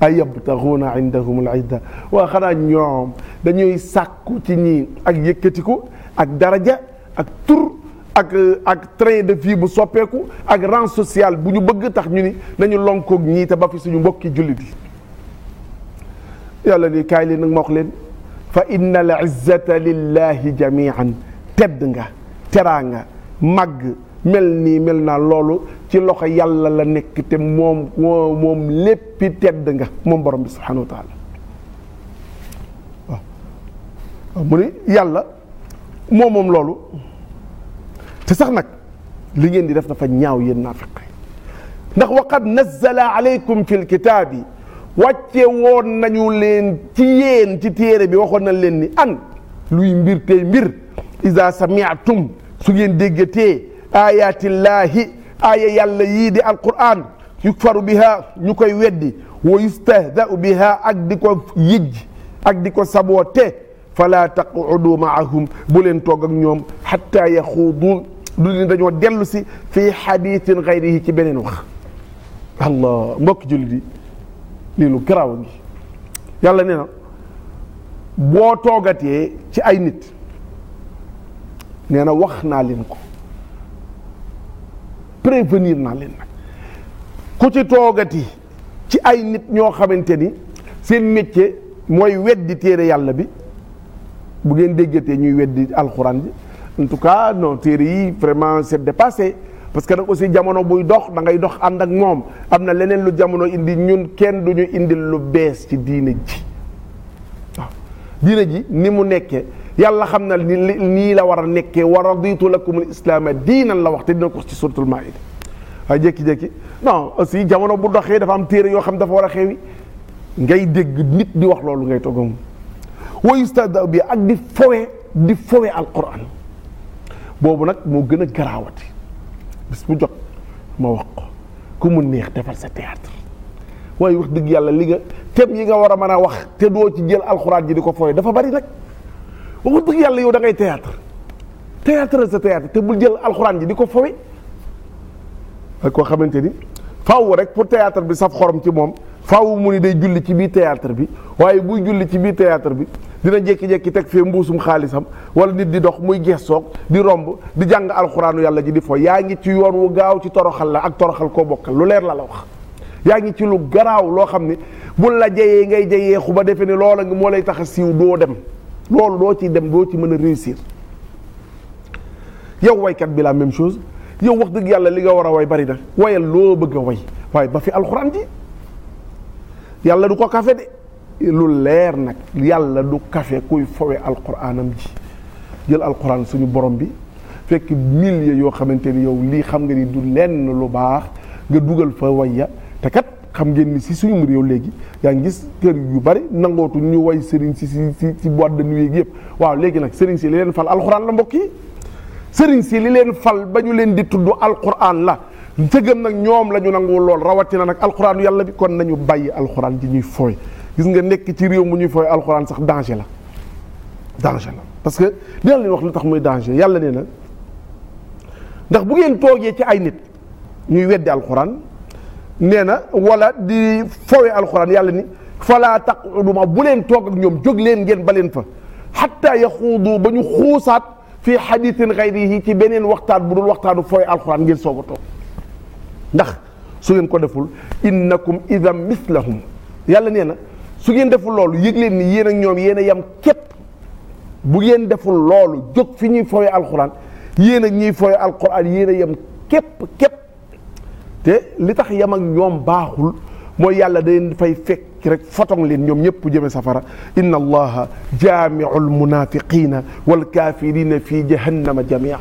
Speaker 1: ay ayabtaxuuna indahum al-izza waa xanaa ñoom dañuy sàkku ci ñii ak yëkkatiku ak daraja ak tur ak ak train de vie bu soppeeku ak rang social bu ñu bëgg tax ñu ni nañu lonkoog ñii te ba fi suñu mbokki jullit yi yàlla ni kaay leen nag ma wax leen fa inna al izzata lillahi jamian tedd nga teraa nga màgg mel nii mel naa loolu ci loxo yàlla la nekk te moom moo moom léppi tedd nga moom borom bi subhanahu wa waaw mu ni yàlla moom moom loolu te sax nag li ngeen di def dafa ñaaw yéen naafiq ndax waqad nazzala aleykum fi lkitaabi wàcce woon nañu leen ci yéen ci téere bi waxoon na leen ni an luy mbir tey mbir isa samiatum su ngeen déggatee ayatillahi aaya yàlla yii di alquran yukfaru biha ñu koy weddi wa yustahzau biha ak di ko yëj ak di ko saboote fala taqudu maahum bu leen toog ak ñoom xatta yaxuudu du leen dañoo dellu si fii xadiisin gayrihi ci beneen wax allah mbokk jullit yi lii lu garaaw ngi yàlla nee na boo toogatee ci ay nit nee na wax naa leen ko prévenir naa leen nag ku ci toogati ci ay nit ñoo xamante ni seen métier mooy weddi téere yàlla bi bu ngeen déggatee ñuy weddi alxuraan bi en tout cas non téere yi vraiment c'est dépassé parce que nag aussi jamono buy dox da ngay dox ànd ak moom am na leneen lu jamono indi ñun kenn du ñu indil lu bees ci diina ji waaw ji ni mu nekkee yàlla xam na ni nii la war a nekkee wa raditu lakum al islaama diinan la wax te dina ko ci suratul maida waaye jékki-jékki non aussi jamono bu doxee dafa am téere yoo xam dafa war a xewi ngay dégg nit di wax loolu ngay toggam wa yustahza'u bi ak di fowe di fowe alquran boobu nag moo gën a garaawati bis bu jot ma wax ko ku mu neex defal sa théâtre waaye wax dëgg yàlla li nga thème yi nga war a mën a wax te doo ci jël alquran ji di ko fowe dafa bari nag waxut dëgg yàlla yow da ngay théâtre théâtre sa théâtre te bul jël alxuraan ji di ko fowe ak koo xamante ni faaw rek pour théâtre bi saf xorom ci moom faaw mu ni day julli ci biir théâtre bi waaye buy julli ci biir théâtre bi dina jékki-jékki teg fee mbuusum xaalisam wala nit di dox muy geesoog di romb di jàng alxuraanu yàlla ji di fo yaa ngi ci yoon wu gaaw ci toroxal la ak toroxal koo bokkal lu leer la la wax yaa ngi ci lu garaaw loo xam ne bul la jayee ngay jayee ba defe ne loola moo lay tax a siiw doo dem loolu doo ci dem doo ci mën a réussir yow waykat bi la même chose yow wax dëgg yàlla li nga war a way bari na wayal loo bëgg a way waaye ba fi alxuraan ji yàlla du ko kafe de lu leer nag yàlla du kafe kuy fowe alxuraanam ji jël alxuraan suñu borom bi fekk milliers yoo xamante ni yow lii xam nga ni du lenn lu baax nga dugal fa waya te kat xam ngeen ni si suñu réew léegi yaa ngi gis kër yu bari nangootu ñu way sëriñ si si si si boîte de nuit yëpp waaw léegi nag sëriñ si li leen fal alxuraan la mbokki yi sëriñ si li leen fal ba ñu leen di tudd alxuraan la njëgam nag ñoom la ñu nangu lool rawatina nag alxuraanu yàlla bi kon nañu bàyyi alxuraan ji ñuy fooy gis nga nekk ci réew mu ñuy fooy alxuraan sax danger la danger la parce que dina leen wax lu tax muy danger yàlla nee na ndax bu ngeen toogee ci ay nit ñuy weddi nee na wala di fowe alxuraan yàlla ni fala taquduma bu leen toog ak ñoom jóg leen ngeen ba leen fa xatta yaxuudu ba ñu xuusaat fii xadiisin xayrihi ci beneen waxtaan bu dul waxtaanu fowe alxuraan ngeen soo a toog ndax su ngeen ko deful innakum idan mislahum yàlla nee na su ngeen deful loolu yëg leen ni yéen ak ñoom yéen a yam képp bu ngeen deful loolu jóg fi ñuy fowe alxuraan yéen ak ñuy fowe alxuraan yéen a yem képp képp te li tax yam ak ñoom baaxul mooy yàlla daleen fay fekk rek fotong leen ñoom ñëpp jëme safara inna allaha jaamiul munafiqina wal kafirina fi jahannama jamia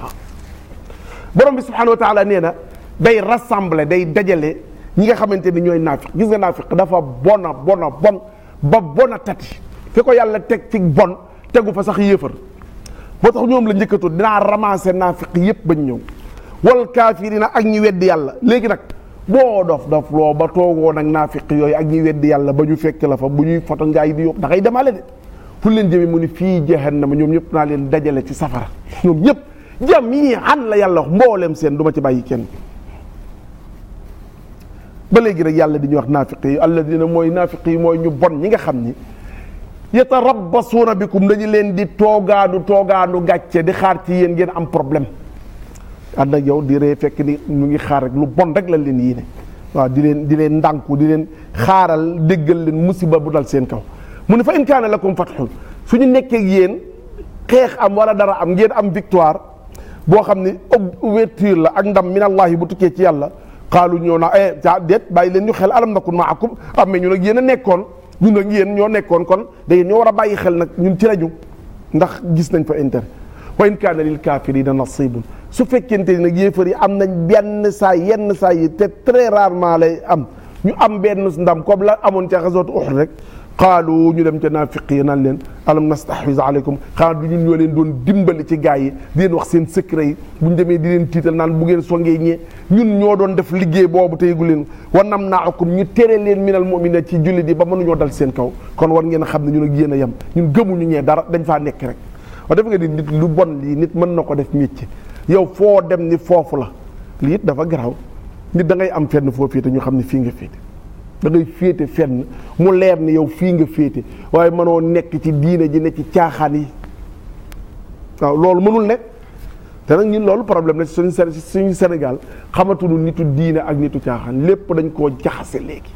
Speaker 1: borom bi subhanahu wa nee na day rassembler day dajale ñi nga xamante ni ñooy naafiq gis nga naafiq dafa bona bona bon ba bona tati fi ko yàlla teg ci bon tegu fa sax yéefar boo tax ñoom la njëkkatu naa ramasser naafiq yépp bañ ñëw wal kafirina ak ñi weddi yàlla léegi nag boo dof dof loo ba toogoo nag naafiq yooyu ak ñi weddi yàlla ba ñu fekk la fa bu ñuy foto ngaa yi di yóbbu da ngay demaale de fu leen jëmee mu ni fii ma ñoom ñëpp naa leen dajale ci safara ñoom ñëpp jam yi an la yàlla wax seen du ma ci bàyyi kenn ba léegi rek yàlla di ñu wax naafiq yi alladina mooy naafiq yi mooy ñu bon ñi nga xam ni yatarabbasuuna bikum dañu leen di toogaadu toogaadu gàcce di xaar ci yéen ngeen am problème ànd ak yow di ree fekk ni mu ngi xaar rek lu bon rek la leen yéene waaw di leen di leen ndànku di leen xaaral déggal leen musiba bu dal seen kaw mu ne fa in kaana lakum fatxun su ñu nekkee yéen xeex am wala dara am ngeen am victoire boo xam ne ouverture la ak ndam yi bu tukkee ci yàlla xaalu ñoo na eh ah déet bàyyi leen ñu xel alam nakun maakum am ah, mais ñu ak yéen a nekkoon ñu ak yéen ñoo nekkoon kon da ñoo war a bàyyi xel nag ñun ci lañu ndax gis nañ fa intérêt wa in kaana lil kaafirina nasibun su fekkente ni nag yéefar yi am nañ benn saa yenn saa yi te très rarement lay am ñu am benn ndam comme la amoon ca xasootu Uhud rek xaalu ñu dem ca naafiq yi naan leen alam nastahwiz aleykum xanaa du ñun ñoo leen doon dimbali ci gaa yi di wax seen secret bu ñu demee di leen tiital naan bu ngeen songee ñee ñun ñoo doon def liggéey boobu te leen wa nam naakum ñu tere leen minal mu'miniina ci jullit yi ba mënuñoo dal seen kaw kon war ngeen xam ne ñun ak yéen a yem ñun gëmuñu ñee dara dañ faa nekk rek wax def nga ni nit lu bon lii nit mën na ko def métier yow foo dem ni foofu la lii it dafa garaaw nit da ngay am fenn foo féete ñu xam ne fii nga féete da ngay féete fenn mu leer ni yow fii nga féete waaye mënoo nekk ci diine ji ne ci caaxaan yi waaw loolu mënul nekk te nag ñun loolu problème la suñu suñu Sénégal xamatuñu nitu diine ak nitu caaxaan lépp dañ koo jaxase léegi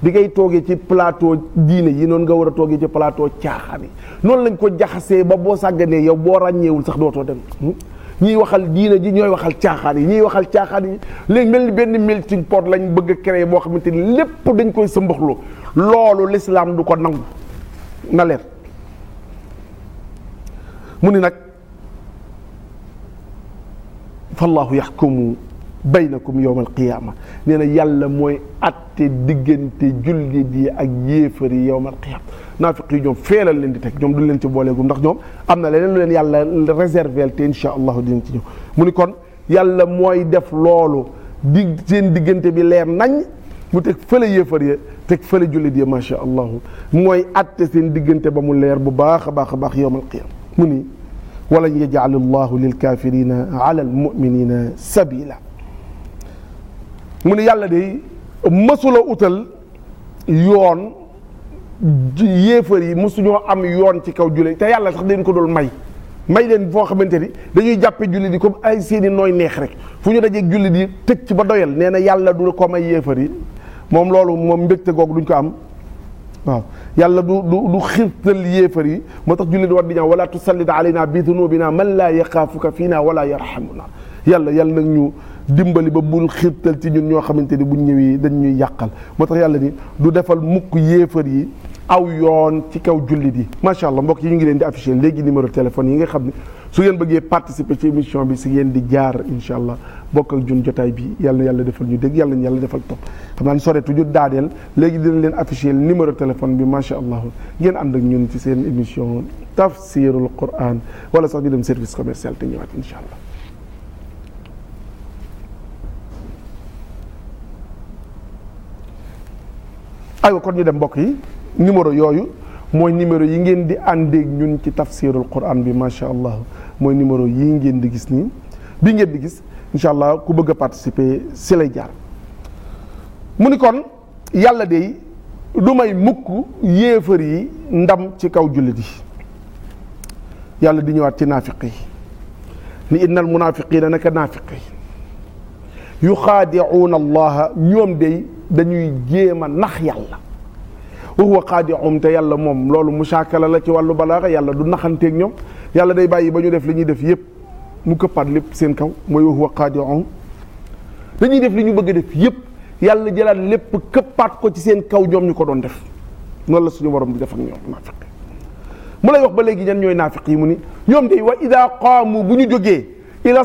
Speaker 1: di ngay toogee ci plateau diine yi noonu nga war a toogee ci plateau caaxaan yi noonu lañ ko jaxasee ba boo sàgganee yow boo ràññeewul sax dootoo dem hmm? ñuy waxal diine ji ñooy waxal caaxaan yi ñuy waxal caaxaan yi léegi mel ni benn melting pot lañu bëgg a créer moo xamante ni lépp dañ koy sëmbaxloo loolu lislaam du ko nangu na mu ni nag fallahu yaxkumu baynakum yowmal qiyaama nee na yàlla mooy atte diggante jullit yi ak yéefar yi yowmal qiyaama naafiq yi ñoom feelal leen di teg ñoom du leen ci booleegum ndax ñoom am na leneen lu leen yàlla réservé te incha allahu dinañ ci ñëw mu ni kon yàlla mooy def loolu di seen diggante bi leer nañ mu teg fële yéefar ya teg fële jullit ya macha allah mooy atte seen diggante ba mu leer bu baax a baax a baax yowmal qiyaama mu ni walan yajal allahu lil kaafirina ala al muminina sabila mu ne yàlla de mësula utal yoon yéefar yi mësuñoo am yoon ci kaw jullit te yàlla sax dañ ko doon may may leen foo xamante ni dañuy jàppe jullit yi comme ay seeni nooy neex rek fu ñu dajeeg jullit yi tëj ci ba doyal nee na yàlla du ko may yéefar yi moom loolu moom mbégte googu duñ ko am waaw yàlla du du du xirtal yéefar yi moo tax jullit war di ñaan wala tusallit alayna bi dunubina man laa yaxaafuka fii naa wala yarhamuna yàlla yàlla nag ñu dimbali ba bul xiirtal ci ñun ñoo xamante ni bu ñu ñëwee dañ ñuy yàqal moo tax yàlla ni du defal mukk yéefar yi aw yoon ci kaw jullit yi macha allah mbokk yi ñu ngi leen di affiché léegi numéro téléphone yi nga xam ne su ngeen bëggee participer ci émission bi si ngeen di jaar incha allah bokk ak jotaay bi yàlla yàlla defal ñu dégg yàlla na defal topp xam naa ne soreetu ñu daadeel léegi dina leen affiché numéro téléphone bi macha allah ngeen ànd ak ñun ci seen émission tafsirul quran wala sax ñu dem service commercial te ñëwaat incha allah aywa kon ñu dem mbokk yi numéro yooyu mooy numéro yi ngeen di àndeeg ñun ci tafsirul quran bi macha allah mooy numéro yii ngeen di gis nii bi ngeen di gis incha allah ku bëgg a participer si lay jaar mu ni kon yàlla de du may mukk yéefar yi ndam ci kaw jullit yi yàlla di ñëwaat ci naafiq yi ni innal munaafiqiina naka naafiq yi yu yuxaadicuuna allaha ñoom day dañuy jéem a nax yàlla wa huwa xaadicuum te yàlla moom loolu musaakala la ci wàllu balaaxa yàlla du naxanteeg ñoom yàlla day bàyyi ba ñu def li ñuy def yépp mu këppaat lépp seen kaw mooy wa huwa xaadicuum dañuy def li ñu bëgg a def yépp yàlla jëlaat lépp këppaat ko ci seen kaw ñoom ñu ko doon def noonu la suñu borom di def ak ñoom naafiq mu lay wax ba léegi ñan ñooy naafiq yi mu ni ñoom day wa ida qaamu bu ñu jógee ila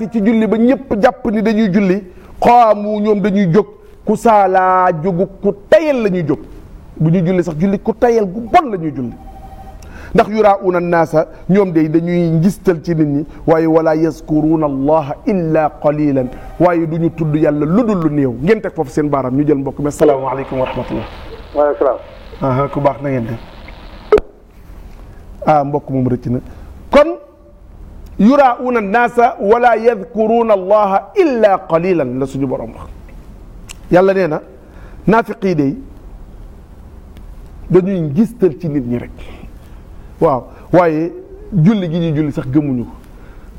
Speaker 1: yi ci julli ba ñëpp jàpp ni dañuy julli xaamu ñoom dañuy jóg ku saalaa jógu ku tayal la ñuy jóg bu ñuy julli sax julli ku tayal gu bon la ñuy julli ndax yuraawuna naasa ñoom day dañuy njistal ci nit ñi waaye wala yazkuruuna allaha illa qalilan waaye du ñu tudd yàlla lu dul lu néew ngeen teg foofu seen baaraam ñu jël mbokk mi asalaamaaleykum wa rahmatullah waaleykum salaam ku baax na ngeen def ah mbokk moom rëcc na yuraauna naasa wala yadkuruuna allaha illa qalilan la suñu borom wax yàlla nee na naafiqii day dañuy ngistal ci nit ñi rek waaw waaye julli gi ñuy julli sax gëmuñu ko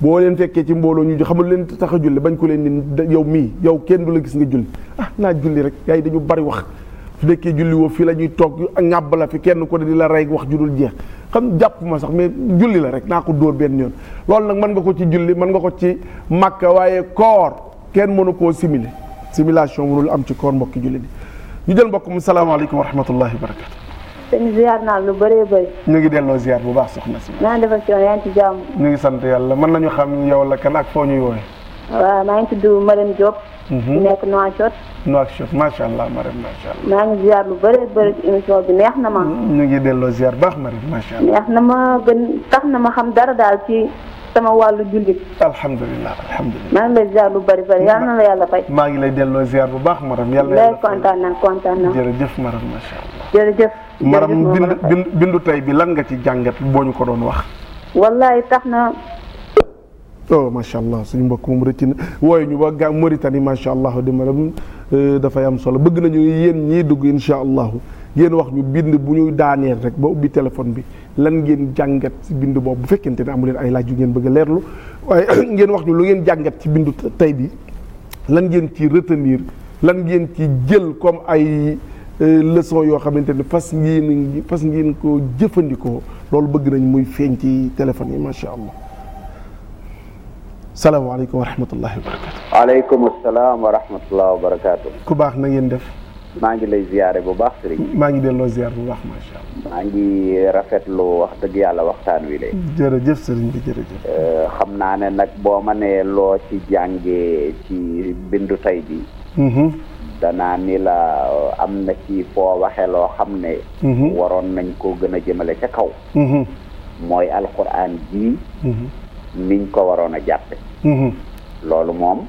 Speaker 1: boo leen fekkee ci mbooloo ñu jox xamul leen tax a julli bañ ko leen ni yow mii yow kenn du la gis nga julli ah naa julli rek gars dañu bari wax fi nekkee julli woo fii la ñuy toog ñàbb la fi kenn ko ne di la rey wax ju dul jeex xam jàpp ma sax mais julli la rek naa ko dóor benn yoon loolu nag mën nga ko ci julli mën nga ko ci màkka waaye koor kenn mënu koo simile simulation mënul am ci koor mbokki julli bi ñu jël mbokk mu salaamaaleykum wa rahmatullahi wa barakatu
Speaker 2: sëñ ziar naa lu bëree
Speaker 1: bëri ñu ngi delloo ziar bu baax soxna si naa defal ci yoon yaa ngi ci jàmm ñu ngi sant yàlla mën nañu xam yow la kan ak foo waaw maa ngi tudd Marème Diop. Mhm. di nekk Nouakchott. Nouakchott macha allah Marème macha allah.
Speaker 2: maa ngi ziar lu bëri bëri ci émission bi neex na ma. ñu
Speaker 1: ngi delloo ziar baax Marème macha allah.
Speaker 2: neex na ma gën tax na ma xam dara daal ci sama wàllu jullit.
Speaker 1: alhamdulilah alhamdulilah.
Speaker 2: maa ngi lay ziar lu bëri bëri yal na la yàlla fay.
Speaker 1: maa ngi lay delloo ziar bu baax Marème yàlla yàlla fay kontaan
Speaker 2: naa kontaan naa.
Speaker 1: jërëjëf Marème macha allah. jërëjëf. Marème bindu bindu bindu tey bi lan nga ci jàngat boo ñu ko doon wax.
Speaker 2: wallaay tax na.
Speaker 1: oh macha allah suñu mbokk moom rëcc na wooyu ñu ba gaa Mauritanie macha allah dimbali euh, dafay am solo bëgg nañu yéen ñii dugg incha allah ngeen wax ñu bind bu ñu daaneel rek ba ubbi téléphone bi lan ngeen jàngat ci bind boobu bu fekkente ne amu leen ay laaj yu ngeen bëgg leerlu waaye ngeen wax ñu lu ngeen jàngat ci bindu tey bi lan ngeen ci retenir lan ngeen ci jël comme ay euh, leçon yoo xamante ne fas ngeen fas ngeen koo jëfandikoo loolu bëgg nañ muy feeñ ci téléphone yi macha allah. salaamaaleykum wa rahmatullahi wa barakaatu.
Speaker 2: waaleykum salaam wa rahmatullahi wa barakaatu. ku
Speaker 1: baax na ngeen def.
Speaker 2: maa ngi lay ziyaare bu baax sëriñ.
Speaker 1: maa ngi delloo ziyaar bu baax macha
Speaker 2: allah. maa ngi rafetlu wax dëgg yàlla waxtaan wi lee.
Speaker 1: jërëjëf sëriñ bi jërëjëf. Euh, xam naa ne nag
Speaker 2: boo ma nee loo ci jàngee ci bindu tey bi. Mm-hmm. danaa ni la euh, am na ci foo waxee loo xam ne. Mm-hmm. waroon nañ koo gën a jëmale ca kaw. Mm-hmm. mooy alquran ji. niñ ko waroon a jàppe
Speaker 1: Mm-hmm. loolu moom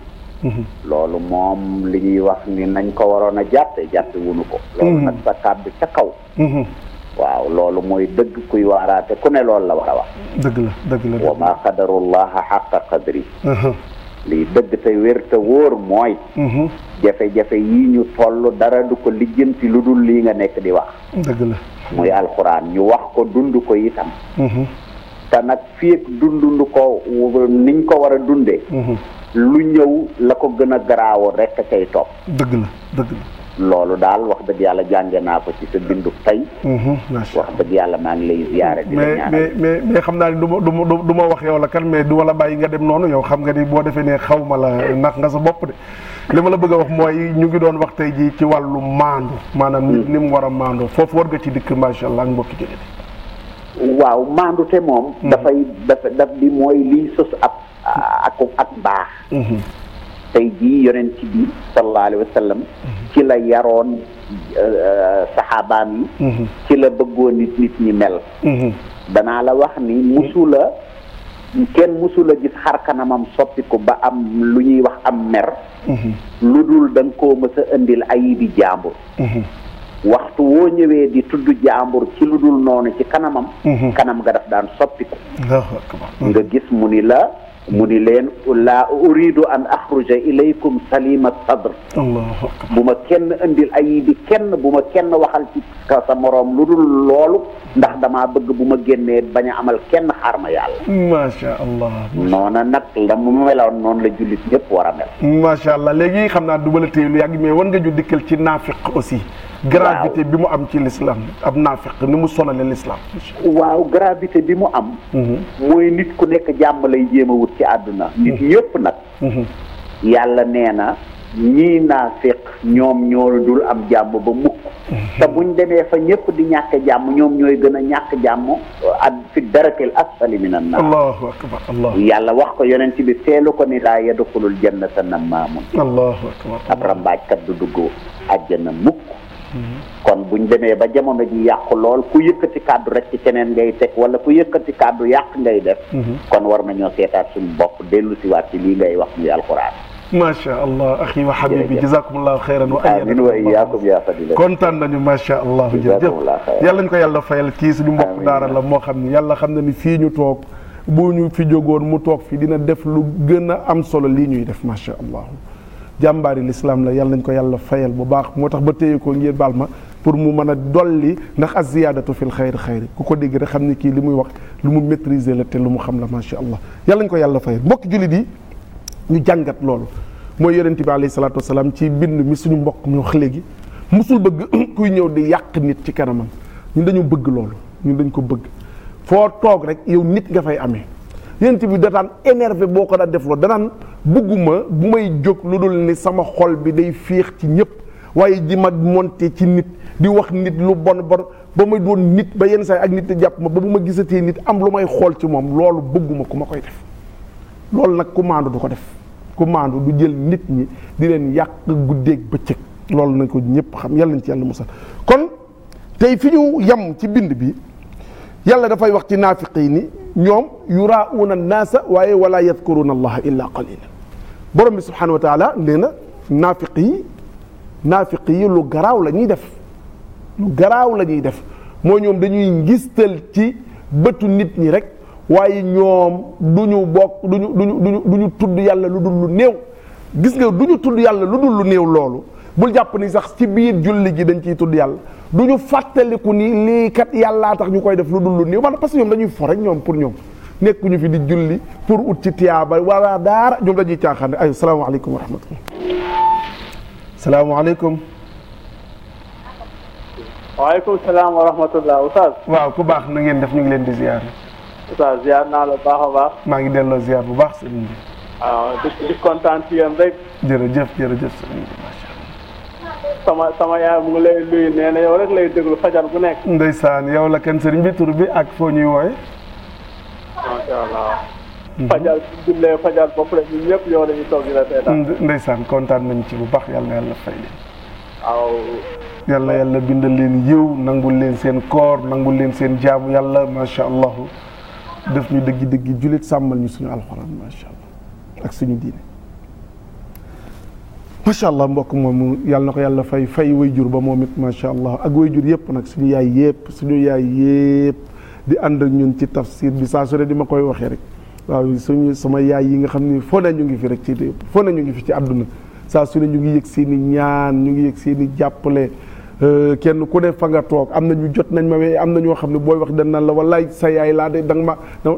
Speaker 1: mm-hmm.
Speaker 2: loolu moom li ñuy wax ni nañ ko waroon a jàtte jàtte wunu ko mm-hmm. loolu nag sa kàddu ca kaw waaw loolu mooy dëgg kuy waaraate ku ne lool la war a wax
Speaker 1: dëgg la dëgg la wa maa
Speaker 2: qadarullaha xaqa qadri uh-huh. lii dëgg te wér te wóor mooy jafe-jafe yi ñu toll dara du ko lijjanti lu dul lii nga nekk di wax
Speaker 1: dëgg la muy
Speaker 2: alxuraan ñu wax ko dund ko itam te nag fii ak dundundu ko niñ ko war a dundee. Mhm. lu ñëw la ko gën a garaawoon rek a cay topp.
Speaker 1: dëgg la dëgg la.
Speaker 2: loolu daal wax dëgg yàlla jànge naa ko ci sa bindu tey. Mhm, wax dëgg yàlla maa ngi lay ziare. di mais
Speaker 1: mais xam naa ne du ma du ma du ma wax yow la kan mais du ma la bàyyi nga dem noonu yow xam nga ni boo defee ne xaw ma la nax nga sa bopp de. li ma la bëgg a wax mooy ñu ngi doon wax tey jii ci wàllu maandu. maanaam nit mm. ni mu war a maandu foofu war nga ci dikk macha allah ak mbokki jullit.
Speaker 2: waaw maandute moom. Mm-hmm. dafay dafa daf bi mooy liy sos ab ak ak baax. Mm-hmm. tey jii yonent bi sallallahu alayhi wa mm-hmm. ci la yaroon euh, euh, saxaabaam yi. ci la bëggoon nit nit ñi mel. danaa la wax ni musula kenn musula gis xar kanamam soppi ko ba am lu ñuy wax am mer. lu dul da nga koo mës a indil ayibi waxtu woo ñëwee di tudd jaambur ci lu dul noonu ci kanamam mhm. kanam nga daf daan soppiku
Speaker 1: mhm. nga
Speaker 2: gis mu ni la mu ni leen la uridu an axruja ilaykum salima sadr bu ma kenn indil ayi kenn bu ma kenn waxal ci ka sa moroom lu dul loolu ndax damaa bëgg bu ma génnee bañ a amal kenn xaar ma yàlla macha allah noona nag la mu meloon noonu la jullit ñëpp war a mel
Speaker 1: macha allah léegi xam naa du ma la téye lu mais war nga ju dikkal ci naafiq aussi gravité bi mu am ci l'islam ab naafiq ni mu sonale l'islam
Speaker 2: waaw gravité bi mu am mhm. mooy nit ku nekk jàmm lay jéem a wut ci àdduna mhm. nit ñëpp nag mhm. yàlla nee na ñii naafiq ñoom ñoo dul am jàmm ba mukk te buñ demee fa ñëpp di ñàkk jàmm ñoom ñooy gën a ñàkk jàmm ak fi darakil asfali minan naar
Speaker 1: allahu akbar allah yàlla
Speaker 2: wax ko yonent bi seelu ko ni laa yadxulul jannata nammaamun
Speaker 1: allahu akbar
Speaker 2: ab rambaajkat du dugg àjjana mukk kon buñ demee ba jamono ji yàqu lool ku yëkkati kàddu rek ci keneen ngay teg wala ku yëkkati kàddu yàq ngay def mhm. kon war nañoo seetaat suñu bopp dellu si waat ci lii ngay wax muy alquran
Speaker 1: macha allah axi wa xabibi jazakumullahu xayran wa amin wa iyaakum yaa fadila kontaan nañu macha allah jërëjëf yàlla ñu ko yàlla fayal kii suñu mbokk daara la moo xam ne yàlla xam na ni fii ñu toog boo ñu fi jógoon mu toog fii dina def lu gën a am solo lii ñuy def macha allah jàmbaari lislaam la yàlla nañ ko yàlla fayal bu baax moo tax ba teye ko ngir baal ma pour mu mën a dolli ndax as ziyaadatu fil xayri xayri ku ko dégg rek xam ne kii li muy wax lu mu maîtriser la te lu mu xam la macha allah yàlla nañ ko yàlla fayal mbokk jullit yi ñu jàngat loolu mooy yonente bi alayhi salaatu wasalaam ci bind mi suñu mbokk mu wax léegi musul bëgg kuy ñëw di yàq nit ci kanamam ñu dañu bëgg loolu ñun dañ ko bëgg foo toog rek yow nit nga fay amee yent bi da daan énervé boo ko daan def loolu danaan bugguma bu may jóg lu dul ni sama xol bi day féex ci ñëpp waaye ji ma monte ci nit di wax nit lu bon bon ba may doon nit ba yenn saay ak nit di jàpp ma ba bu ma gisatee nit am lu may xool ci moom loolu bëgguma ku ma koy def loolu nag ku maandu du ko def ku maandu du jël nit ñi di leen yàq guddeeg bëccëg loolu nañ ko ñëpp xam yàlla nañ ci yàlla musal kon tey fi ñu yem ci bind bi yàlla dafay wax ci naafiq yi ni ñoom yuraauna naasa waaye wala yadkuruna allaha illa qalila borom bi subhanahu wa taala nee na naafiq yi lu garaaw la ñuy def lu garaaw la ñuy def moo ñoom dañuy ngistal ci bëtu nit ñi rek waaye ñoom du ñu bokk du ñu tudd yàlla lu dul lu néew gis nga du ñu tudd yàlla lu dul lu néew loolu bul jàpp ni sax ci biir julli gi dañ ciy tudd yàlla du ñu fàttaliku ni lii yàlla yàllaa tax ñu koy def lu dul lu nii parce que ñoom dañuy fo rek ñoom pour ñoom nekkuñu fi di julli pour ut ci tiyaaba wala daar ñoom dañuy caaxaan ne ay salaamaaleykum wa rahmatullah. salaam
Speaker 2: wa rahmatullah Oustaz.
Speaker 1: waaw ku baax na ngeen def ñu ngi leen di ziar. Oustaz ziar naa la baax a baax. maa ngi delloo ziar bu baax sëriñ di kontaan ci yéen rek. jërëjëf jërëjëf sëriñ sama sama yaay mu ngi lay luy nee na yow rek lay déglu fajar bu nekk. ndeysaan yow la kenn seen bi tur bi ak foo ñuy wooye. macha allah. Mhm. fajar bu jullee fajar yow dañuy toog di la seetaan. ndeysaan kontaan nañ ci bu baax yàlla na yàlla fay leen. waaw. yàlla bindal leen yiw nangul leen seen koor nangul leen seen jaamu yàlla macha allah def ñu dëgg-dëgg jullit sàmmal ñu suñu alxuraan macha allah ak suñu diine. macha allah mbokk moomu yàlla na ko yàlla fay fay way jur ba moom it macha allah ak way jur yëpp nag suñu yaay yëpp suñu yaay yëpp di ànd ak ñun ci tafsir bi saa su ne di ma koy waxee rek waaw suñu sama yaay yi nga xam ni foo na ñu ngi fi rek ci foo na ñu ngi fi ci àdduna saa suñu ne ñu ngi yëg seen ñaan ñu ngi yëg seen i jàppale euh, kenn ku ne fa nga toog am na ñu jot nañ ma wee am na ñoo xam ne booy wax dañ naan la wallaay sa yaay laa de danga ma da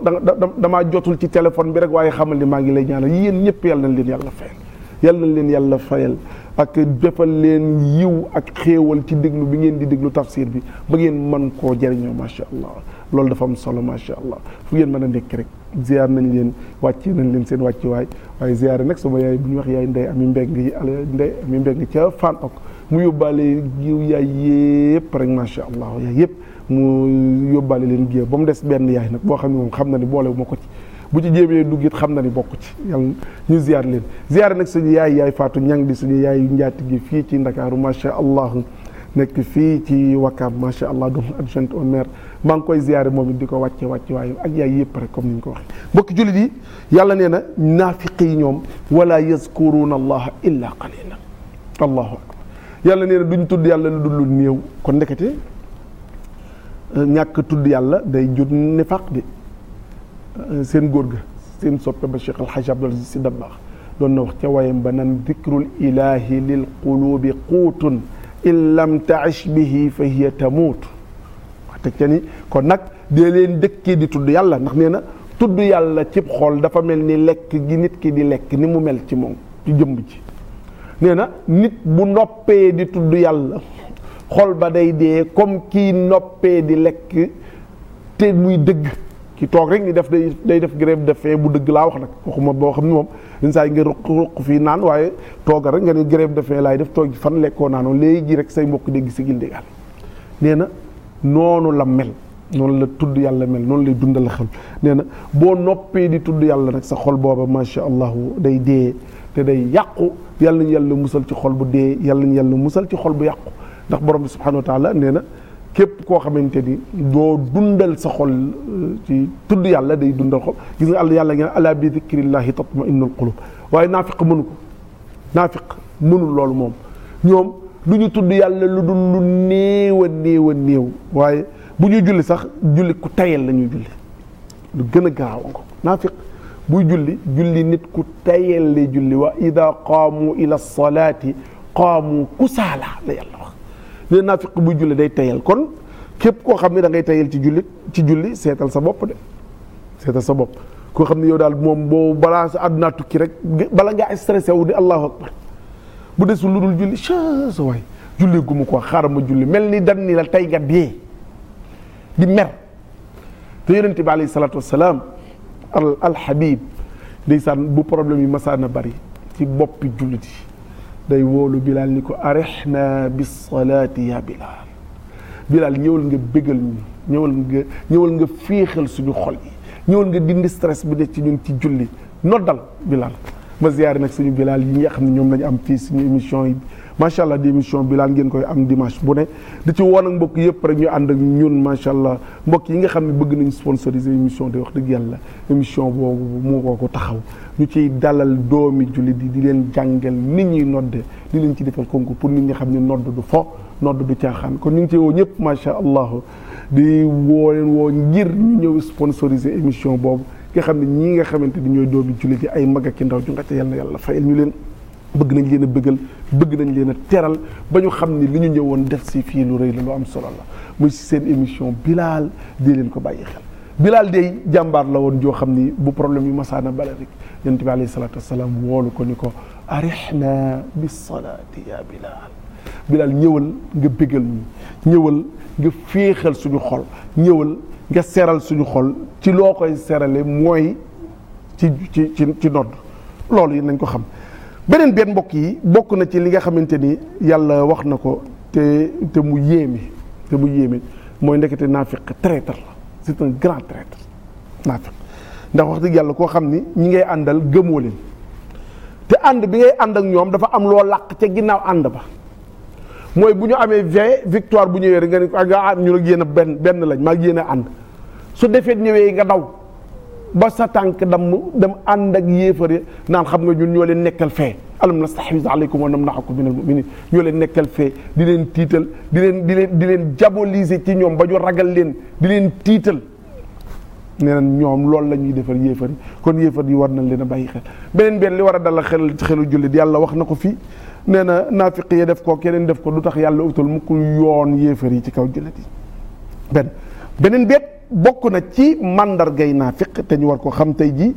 Speaker 1: damaa jotul ci téléphone bi rek waaye xamal ni maa ngi lay ñaanal yéen ñëpp yàlla nañ leen yàlla yal na leen yàlla fayal ak defal leen yiw ak xéewal ci déglu bi ngeen di déglu tafsir bi ba ngeen man koo jëriñoo macha allah loolu dafa am solo macha allah fu ngeen mën a nekk rek ziar nañ leen wàcc nañ leen seen wàccuwaay waaye ziar nag sama yaay bu ñu wax yaay ndey ami mbeng yi ndey ami mbeng ca fan ok mu yóbbaale yiw yaay yëpp rek macha allah yaay yëpp mu yóbbaale leen géew ba mu des benn yaay nag boo xam ne moom xam na ne boole bu ma ko ci bu ci jéemee dugg it xam na ni bokk ci yàlla ñu ziar leen ziar nag suñu yaay yaay Fatou Niang di suñu yaay njaati gi fii ci Ndakaaru macha allah nekk fii ci Wakaam macha allah doom adjointe au maire maa ngi koy ziare moom it di ko wàcce wàcce waaye ak yaay yëpp rek comme ni ñu ko waxee mbokki jullit yi yàlla nee na naafiqi yi ñoom walaa yazkuruuna allaha illa qalila allahu akbar yàlla nee na duñ tudd yàlla lu dul lu néew kon ndekete ñàkk tudd yàlla day jur nifaq bi seen góor ga seen soppe ba Cheikh Alhaji Abdoul Aziz Sy Dabakh doon na wax ca wayam ba nan dikrul ilahi lil qulubi quutun in lam taish bihi fa hiya tamuut wax ca ni kon nag dee leen dëkkee di tudd yàlla ndax nee na tudd yàlla cib xool dafa mel ni lekk gi nit ki di lekk ni mu mel ci moom ci jëmb ji nee na nit bu noppee di tudd yàlla xol ba day dee comme kii noppee di lekk te muy dëgg ci toog rek ni def day day def grève de faim bu dëgg laa wax nag waxuma boo xam ne moom dañ saa yi nga ruq ruq fii naan waaye tooga rek nga ne grève de faim laay def toog fan lekkoo naanoo léegi rek say mbokk dégg sigil dégal nee na noonu la mel noonu la tudd yàlla mel noonu lay dundal xel nee na boo noppee di tudd yàlla nag sa xol booba macha allah day dee te day yàqu yàlla nañu yàlla musal ci xol bu dee yàlla nañu yàlla musal ci xol bu yàqu ndax borom bi subhanahu wa na képp koo xamante ni doo dundal sa xol euh, tudd yàlla day dundal xol gis nga àll yàlla ngeen ala bi zikrillahi tatma'innul qulub waaye naafiq mënu ko naafiq mënul loolu moom ñoom du ñu tudd yàlla lu dul lu néew a néew waaye bu ñuy julli sax julli ku tayel la ñuy julli lu gën a garaaw ko buy julli julli nit ku tayel lay julli wa ida qaamu ila salaati qaamu kusaala la yàlla ne naafiq buy julli day tayal kon képp koo xam ne da ngay tayal ci jullit ci julli seetal sa bopp de seetal sa bopp koo xam ne yow daal moom boo balaa sa àdduna tukki rek bala ngaa stressé wu ni allahu akbar bu desul lu dul julli sa waay julli gu mu ko xaaral ma julli mel ni dan ni la tey nga dee di mer te yonent bi alayhi salaatu wasalaam al alxabib ndeysaan bu problème yi masaana bari ci boppi jullit yi day wóolu Bilal ni ko arix naa bis salaati ya Bilal Bilal ñëwal nga bégal ñu ñëwal nga ñëwal nga féexal suñu xol yi ñëwal nga dindi stress bi ne ci ñun ci julli noddal Bilal ma ziyaare nag suñu Bilal yi nga xam ñoom lañu am fii suñu émission yi macha allah di émission bi laan ngeen koy am dimanche bu ne di ci woon ak mbokk yëpp rek ñu ànd ak ñun macha allah mbokk yi nga xam ne bëgg nañ sponsoriser émission de wax dëgg yàlla émission boobu moo ko ko taxaw ñu ciy dalal doomi jullit yi di leen jàngal nit ñuy nodde di leen ci defal concours pour nit ñi xam ne nodd du fo nodd du caaxaan kon ñu ngi ci woo ñëpp macha allah di leen woo ngir ñu ñëw sponsoriser émission boobu nga xam ne ñii nga xamante ni ñooy doomi jullit yi ay mag ak i ndaw ju nga ca yàlla yàlla fayal ñu leen bëgg nañ leen a bëggal bëgg nañ leen a teral ba ñu xam ni li ñu woon def si fii lu rëy la lu am solo la muy si seen émission bilaal di leen ko bàyyi xel Bilal day jàmbaar la woon joo xam ni bu problème yu masaana bala rek yonent bi alayhi salaatu wasalaam woolu ko ni ko arihna bi salaati ya Bilal Bilal ñëwal nga bëggal ñu ñëwal nga féexal suñu xol ñëwal nga seral suñu xol ci loo koy serale mooy ci ci ci nodd loolu yi nañ ko xam beneen benn mbokk yi bokk na ci li nga xamante ni yàlla wax na ko te te mu yéeme te mu yéeme mooy ndekete naafiq traître la c'est un grand traître naafiq ndax wax dëgg yàlla koo xam ni ñi ngay àndal gëmoo leen te ànd bi ngay ànd ak ñoom dafa am loo làq ca ginnaaw ànd ba mooy bu ñu amee vingt victoire bu ñëwee rek nga ah, ne nga ñu ak yéen benn benn lañ maa ngi a ànd su defee ñëwee nga daw. ba sa tànk damm dem ànd ak yéefar ya naan xam nga ñun ñoo leen nekkal fee alam nastahwiz aleykum wa namnakum minal mu'minin ñoo leen nekkal fee di leen tiital di leen di leen di leen diaboliser ci ñoom ba ñu ragal leen di leen tiital nee ñoom loolu la ñuy defar yéefar kon yéefar yi war nañ leen a bàyyi xel benn li war a dalal xel xelu jullit yàlla wax na ko fii nee na naafiq yi def ko keneen def ko du tax yàlla utal mu ko yoon yéefar yi ci kaw jullit yi benn beet bokk na ci màndargay naafiq te ñu war ko xam tey jii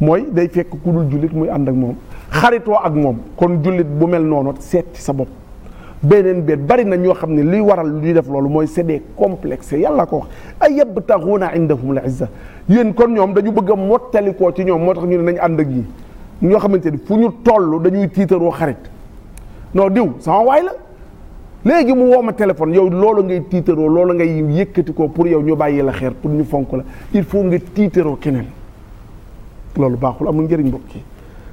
Speaker 1: mooy day fekk ku dul jullit muy ànd ak moom xaritoo ak moom kon jullit bu mel noonu seet ci sa bopp beneen beet bari na ñoo xam ne luy waral luy def loolu mooy c'est des complexes yàlla ko wax ay yabtaxuuna indahum al izza yéen kon ñoom dañu bëgg a mottalikoo ci ñoom moo tax ñu ne nañ ànd ak yi ñoo xamante ni fu ñu toll dañuy tiitaroo xarit non diw sama waay la léegi mu woo ma téléphone yow loolu ngay tiitaroo loolu ngay yëkkati ko pour yow ñu bàyyi la xeer pour ñu fonk la il faut nga tiitaroo keneen loolu baaxul amul njëriñ mbokk yi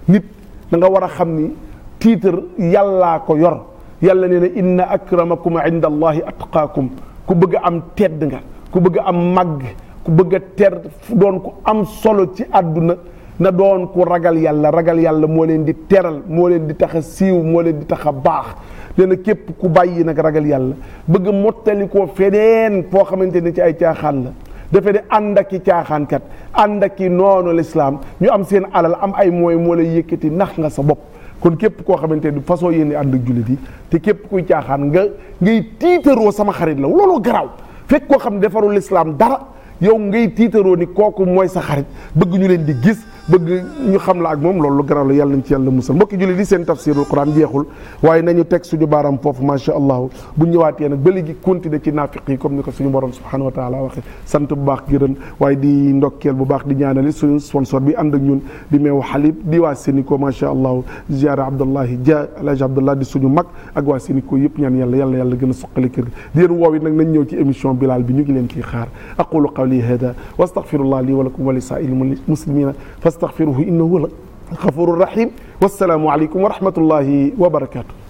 Speaker 1: nit da nga war a xam ni tiitar yàllaa ko yor yàlla nee na inna akramakum inda allahi atqaakum ku bëgg am tedd nga ku bëgg am màgg ku bëgg a ter doon ku am solo ci àdduna na doon ku ragal yàlla ragal yàlla moo leen di teral moo leen di tax a siiw moo leen di tax a baax nee na képp ku bàyyi nag ragal yàlla bëgg mottali koo feneen foo xamante ni ci ay caaxaan la defe ne ànd ak i caaxaankat ànd ak i noonu lislaam ñu am seen alal am ay mooy moo lay yëkkati nax nga sa bopp kon képp koo xamante ni façon yéen ànd ak jullit yi te képp kuy caaxaan nga ngay tiitaroo sama xarit la loolu garaaw fekk koo xam ne defarul lislaam dara yow ngay tiitaroo ni kooku mooy sa xarit bëgg ñu leen di gis bëgg ñu xam la ak moom loolu lu garaaw la yàlla nañ ci yàlla musal mbokki julli di seen tafsirul quran jeexul waaye nañu teg suñu baaram foofu macha allahu bu ñëwaatee nag ba léegi continuer ci naafiq comme ni ko suñu borom subhanahu wa taala waxe sant bu baax gërëm waaye di ndokkeel bu baax di ñaanali suñu sponsor bi ànd ak ñun di meew xalib di waa Sénico macha allahu ziara abdullahi dia alhaji abdullah di suñu mag ak waa Sénico yëpp ñaan yàlla yàlla yàlla gën a suqali kër gi nañ ñëw ci émission bilal bi ñu ngi leen ciy xaar aqulu qawli hada wa astaghfirullah nastaghfiruhu innahu huwal ghafurur rahim wassalaamu aleykum wa rahmatullahi wa barakaatu.